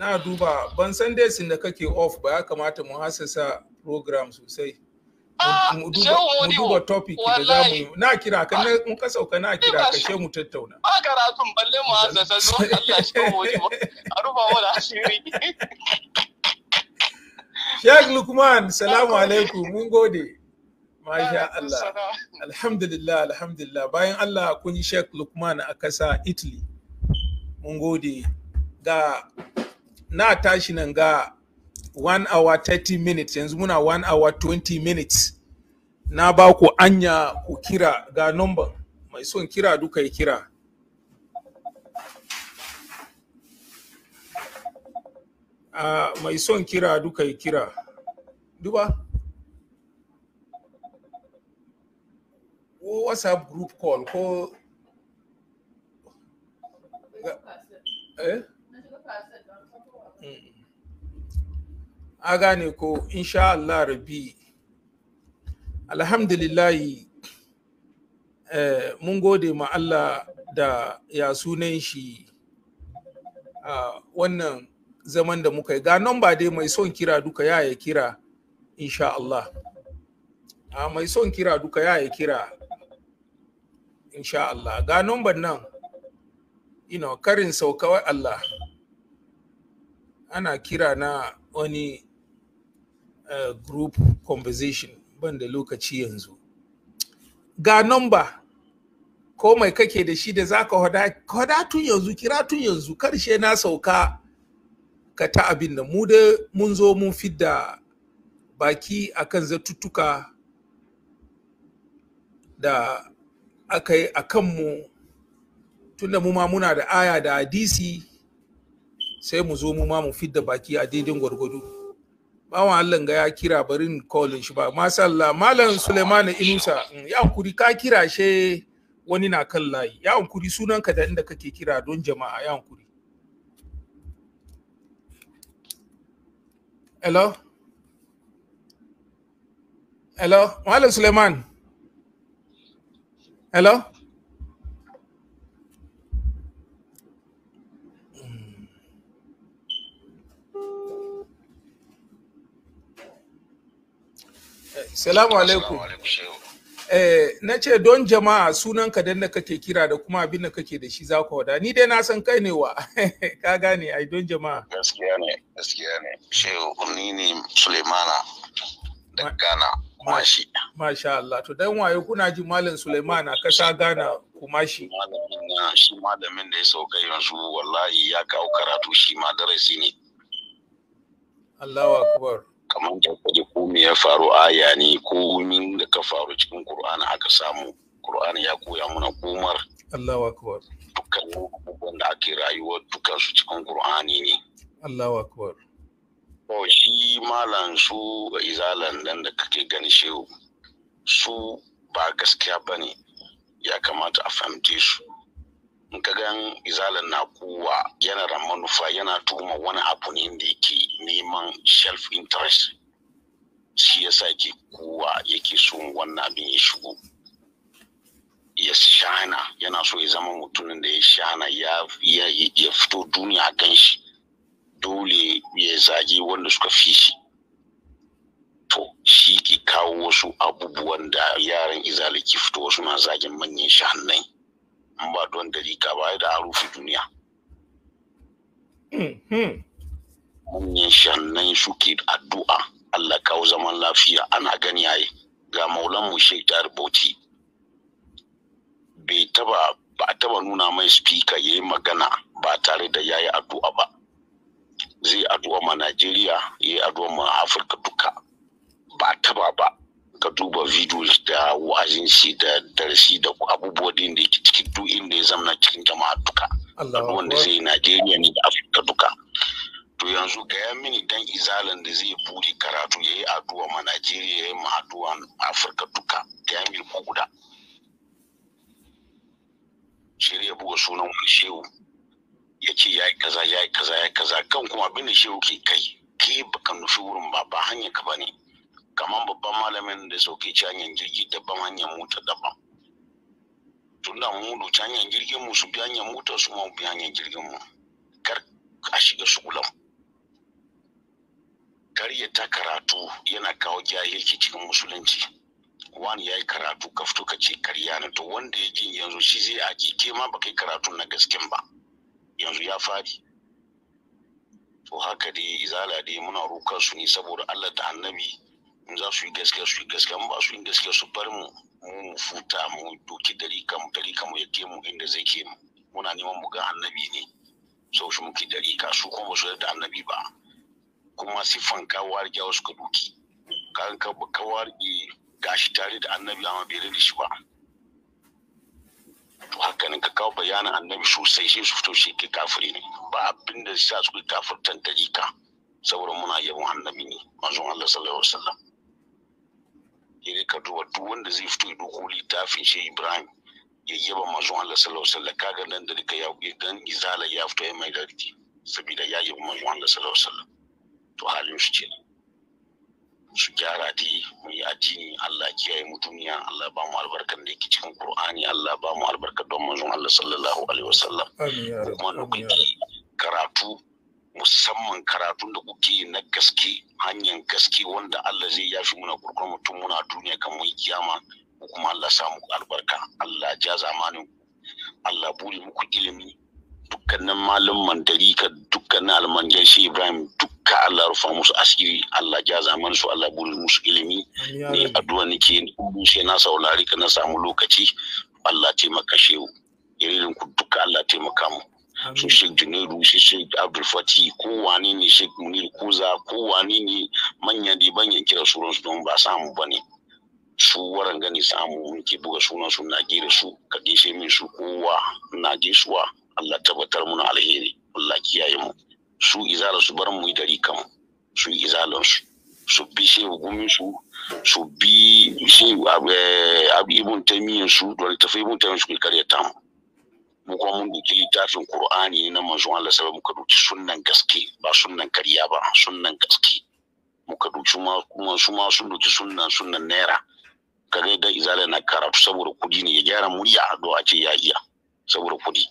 na duba ban san dai sin da kake off ba ya kamata mu hasasa program sosai mu ah, duba topic da za mu na kira ka ne mun ka sauka na kira ka she mu tattauna ba karatun balle mu hasasa zo Allah shi ko wani a wala shi Sheikh Lukman salamu alaikum mun gode Masha Allah alhamdulillah alhamdulillah bayan Allah kun yi Sheikh Lukman a kasa Italy mun gode ga na tashi nan ga 1 hour 30 minutes yanzu muna 1 hour 20 minutes na ba ku anya ku kira ga number mai son kira duka ya kira uh, mai son kira duka ya kira duba ko whatsapp group call ko eh a gane ko insha Allah rabi alhamdulillahi eh, mun gode ma Allah da ya sunan shi uh, wannan zaman da muka yi ga ba dai mai son kira duka ya ya kira insha Allah uh, mai son kira duka ya ya kira insha Allah ga numban nan you know, karin sauka Allah ana kira na wani Eh, group conversation ban da lokaci yanzu ga number ko mai kake da shi da zaka hada tun yanzu kira tun yanzu karshe na sauka ka ta abin da mu da mun zo mun fidda baki akan zatuttuka da aka yi a kanmu tunda mu ma muna da aya da hadisi sai mu zo mu ma mu fidda baki a daidai gwargwado. bawan Allah ga ya kira barin kolin shi ba masalla Allah malam Suleiman Inusa mm, ya hankuri ka kira she wani na kan layi ya hankuri ka da inda kake kira don jama'a ya hankuri hello hello malam Suleiman hello Salamu alaikum. Eh, na ce don jama'a sunanka dan da kake kira da kuma abin da kake da shi za ku wada. Ni dai na san kai ne wa. ka gane ai don jama'a. Gaskiya ne, gaskiya ne. Shehu ni ne Suleimana da Ghana kumashi. Masha Allah. To dan waye kuna ji Malam Suleimana sa Ghana kumashi. shi. Shi malamin da ya sauka yanzu wallahi ya kawo karatu shi ma darasi ne. Allahu akbar. kamar da kaje ya faru aya ne ko min da ka faru cikin Kur'ana aka samu Kur'ana ya koya muna komar Allahu akbar dukkan abubuwan da ake rayuwa dukkan su cikin Kur'ani ne Allahu shi malan su izalan dan da kake gani shehu su ba gaskiya bane ya kamata a fahimce su ka gan izalan na kowa yana da manufa yana tuma wani abu ne da yake neman shelf interest shi ya sa ke kowa yake so wannan abin ya shigo ya shana yana so ya zama mutumin da ya shana ya fito duniya gan shi dole ya zage wanda suka fi shi to shi ke kawo wasu abubuwan da yaran izali ke fito wasu na zagin manyan shahannai in ba don rika ba da harufi duniya mm-hmm. manyan shannan shuke addu'a Allah kawo zaman lafiya ana gani yayi ga maulan mu Sheikh Jihar Bauchi bai taba ba taba nuna mai speaker yi magana ba tare da yayi addu'a ba zai addu'a ma Najeriya ya yi addu'a ma Afirka duka ba taba ba ka duba videos da wa'azin shi da darasi da abubuwan da yake cikin duk inda ya zama cikin jama'a duka wanda zai Najeriya ne da Afirka duka to yanzu ya mini dan izalan da zai buɗe karatu ya yi addu'a ma Najeriya ya yi ma addu'a Afirka duka gaya mini ko guda shirya buga sunan wani shehu ya ce ya yi kaza ya yi kaza ya yi kaza kan kuma abinda shehu ke kai ke baka nufi wurin ba ba hanyar ka ba ne kamar babban malamin da sauke ci hanyar jirgi daban hanyar mota daban tunda mu duci hanyar jirgin mu su bi hanyar mota su ma bi hanyar jirgin mu kar a shiga sukulan kar ya ta karatu yana kawo jahilci cikin musulunci wani ya yi karatu ka fito ka ce karya na to wanda ya ji yanzu shi zai aji ke ma ba kai karatu na gasken ba yanzu ya fadi to haka dai izala dai muna roƙar su ne saboda allah da annabi za su yi gaskiya su yi gaskiya ba su yi gaskiya su bar mu mu futa mu doki dari kan dari kan ya ke mu inda zai ke mu muna neman mu ga annabi ne sau shi muke dari ka su kuma su da annabi ba kuma siffan kawar wasu ka doki kan ka kawar gashi tare da annabi amma bai rage shi ba to haka ne ka kawo bayanin annabi sosai sai su fito shi ke kafiri ne ba abin da sa su kafirtan ka saboda muna yabon annabi ne manzon Allah sallallahu alaihi wasallam ya rika kaduwa duk wanda zai fito ya doko littafin shi ibrahim ya yaba manzon Allah sallallahu alaihi wasallam kaga nan da duka ya dan izala ya fito ya mai darti saboda ya yaba manzon Allah sallallahu alaihi wasallam to halin shi ce su gyara dai mu yi addini Allah kiyaye mu duniya Allah ba mu albarkar da yake cikin Qur'ani Allah ba mu albarkar don manzon Allah sallallahu alaihi wasallam kuma nukuki karatu musamman karatun da kuke na gaske hanyar gaske wanda Allah zai yafi muna kurkur mutum muna duniya kan mun kiyama ko kuma Allah samu albarka Allah ja zamanin Allah buri muku ilimi dukkanin malaman ka dukkanin almanjan shi Ibrahim dukka Allah rufa musu asiri Allah ja zamanin su Allah buri musu ilimi ni addu'a nake sai na saurari ka na samu lokaci Allah taimaka shehu irin ku duka Allah taimaka mu su Sheikh Junairu su Sheikh Abdul Fati ko wani ne Sheikh Munir Kuza ko wani ne manyan da banyan kira sunan su don ba samu ba ne su waran gani samu muke buga sunan su na gere su ka gishe min su kowa na gaisuwa Allah tabbatar muna alheri Allah kiyaye mu su izala su bar mu yi dari kan su izalan su su bi shi hukumin su su bi shi abu eh, ibn taymiyyah su dole tafi ibn taymiyyah su ta mu mu kuma mun duki littafin Qur'ani na manzon Allah sai muka duki sunnan gaske ba sunnan karya ba sunnan gaske muka duki ma kuma su ma sun duki sunnan sunnan naira kaga da izala na karatu saboda kudi ne ya gyara murya do a ce ya iya saboda kudi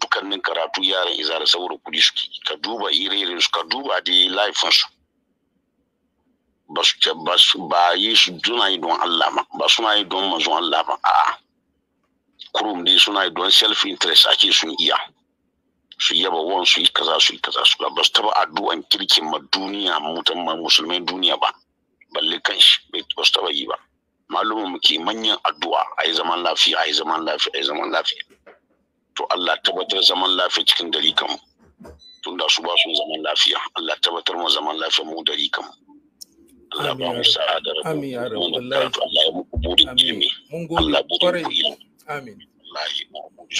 dukkanin karatu yaran izala saboda kudi suke ka duba irin su ka duba da laifin su ba su ba yi su suna yi don Allah ba ba suna yi don manzon Allah ba a'a kurum din suna yi don self interest ake sun iya su yaba wan su yi kaza su yi kaza su ba su taba addu'an kirkin ma duniya mutan musulmai duniya ba balle kan shi ba su taba yi ba malumin ke manyan addu'a a yi zaman lafiya a yi zaman lafiya a yi zaman lafiya to Allah tabbatar zaman lafiya cikin dari kanmu tun da su ba su zaman lafiya Allah tabbatar mu zaman lafiya mu dari mu Allah ba mu sa'ada rabu Allah ya muku burin ilimi Allah burin ku ilimi amin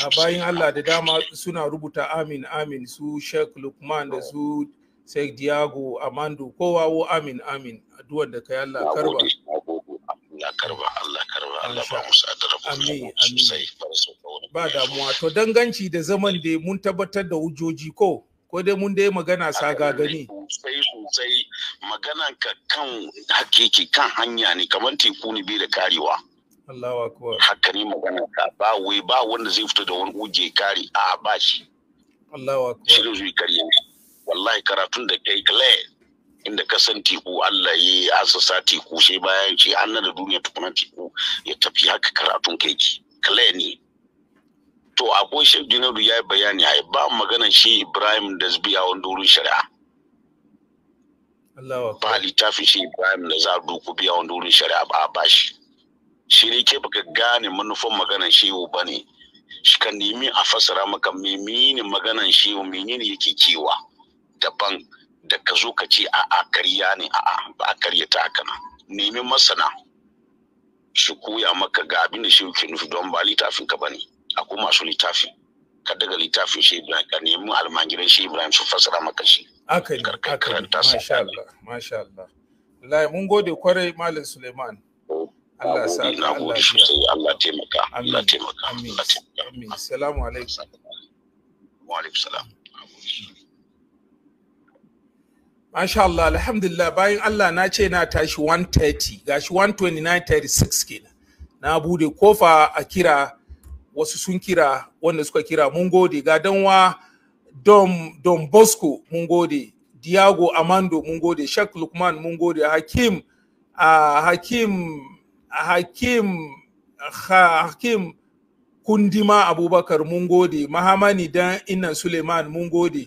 a bayan Allah da dama suna rubuta amin amin su Sheikh Lukman da su Sheikh Diago Amando kowa wo amin amin addu'ar da kai Allah karba Allah karba Allah karba Allah ba musu amin amin ba damuwa to danganci da zaman da mun tabbatar da hujjoji ko ko dai mun dai magana saga gani sai sosai maganan ka kan hakiki kan hanya ne kamar teku ne bai da karewa Allahu ni magana ka ba wai ba wanda zai fito da wani uje kare a ba shi shi da shi zai kare wallahi karatun da kai clear inda ka san teku Allah ya asasa teku sai bayan shi Allah da duniya kuma teku ya tafi haka karatun kai ki clear ne to akwai Sheikh Junaidu ya yi bayani ai ba maganan shi Ibrahim da Zbi a wanda wurin shari'a. Ba littafin shi Ibrahim da za a duku biya wanda wurin shari'a ba a bashi. shi ne ke baka gane manufan maganan shehu ba ne shi ka nemi a fasara maka menene maganan shehu menene yake kewa daban da ka zo ka ce a a karya ne a a ba a karya ta haka nan nemi masana shi koya maka ga abin da shehu ke nufi don ba littafin ka bane akwai masu littafin ka daga littafin shi ibrahim ka nemi almangiran shi ibrahim su fasara maka shi aka yi masha Allah masha Allah mun gode kwarai malam Suleiman Allah sa ka Allah ya Allah taimaka Allah taimaka Allah taimaka amin assalamu alaikum wa alaikum salam Masha Allah, alhamdulillah bayan Allah na ce na tashi 130, gashi 129.36 kenan. Na bude kofa a kira wasu sun kira wanda suka kira mun gode ga danwa Dom Don Bosco mun gode, Diago Amando mun gode, Sheikh Lukman mun gode, Hakim uh, Hakim hakim hakim kundima abubakar mun gode mahamani dan inna suleiman mun gode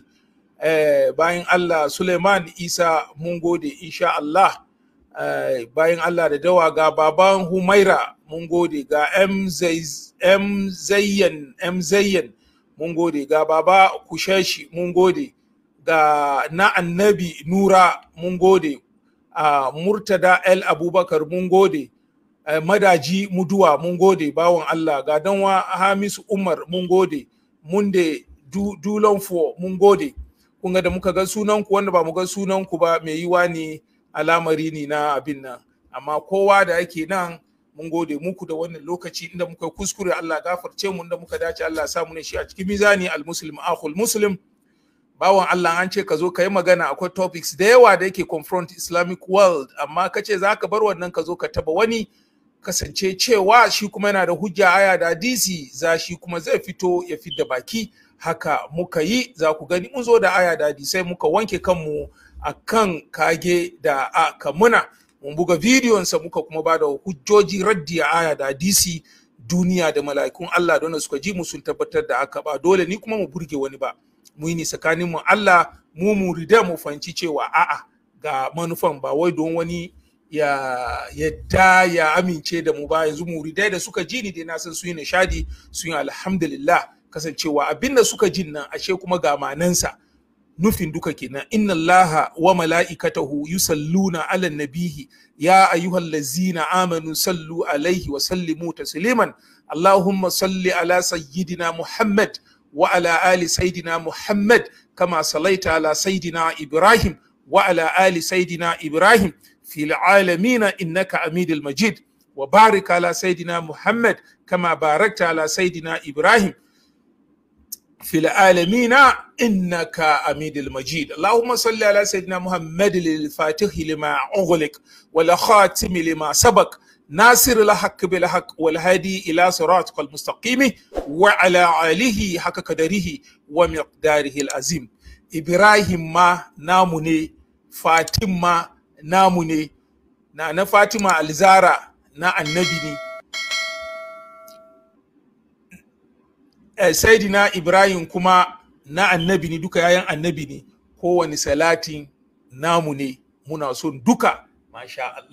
eh, bayan allah suleiman isa mun gode insha allah eh, bayan allah da dawa ga baban humaira mun gode ga mzayyan Zayyan mun gode ga baba kusheshi mun gode ga na annabi nura mun gode ah, murtada el abubakar mun gode Eh, madaji muduwa mun gode bawan Allah ga danwa Hamisu Umar mun gode mun da dulon fo mun gode kun ga da muka ga sunan ku wanda ba mu ga sunan ku ba mai yiwa ne alamari ne na abin nan amma kowa da ake nan mun gode muku da wannan lokaci inda muka kuskure Allah gafarce mu inda muka dace Allah sa mu ne shi a cikin mizani al akhul muslim bawan Allah an ce ka zo ka yi magana akwai topics da yawa da yake confront Islamic world amma kace zaka bar wannan ka zo ka taba wani kasance cewa shi kuma yana da hujja aya da hadisi za shi kuma zai fito ya fidda baki haka muka yi za ku gani mun zo da aya da hadisai muka wanke kanmu a kan kage da a kamuna. mun buga bidiyonsa muka kuma ba da hujjoji raddi a aya da hadisi duniya da mala'ikun Allah don suka ji mu sun tabbatar da haka ba dole ni kuma mu burge wani ba mu yi ni tsakanin mu Allah mu murida mu fanci cewa a'a ga manufan ba wai don wani ya yadda ya amince da mu ba yanzu muridai da suka ji ni dai na san sun yi nishadi sun yi alhamdulillah kasancewa abin da suka jin nan ashe kuma ga manansa nufin duka kenan inna allaha wa mala'ikatahu yusalluna ala nabihi ya lazina, amanu sallu alaihi wa sallimu tasliman allahumma salli ala sayyidina muhammad wa ala ali sayyidina muhammad kama salaita ala sayyidina ibrahim wa ala ali sayyidina ibrahim في العالمين إنك أميد المجيد وبارك على سيدنا محمد كما باركت على سيدنا إبراهيم في العالمين إنك أميد المجيد اللهم صل على سيدنا محمد للفاتح لما أغلق والخاتم لما سبق ناصر الحق بالحق والهادي إلى صراطك المستقيم وعلى آله حق قدره ومقداره العظيم إبراهيم ما ناموني فاتم ما namu ne na na fatima alzara na annabi ne eh, saidina ibrahim kuma na annabi ne duka yayan annabi ne kowane salatin namu ne muna son duka masha Allah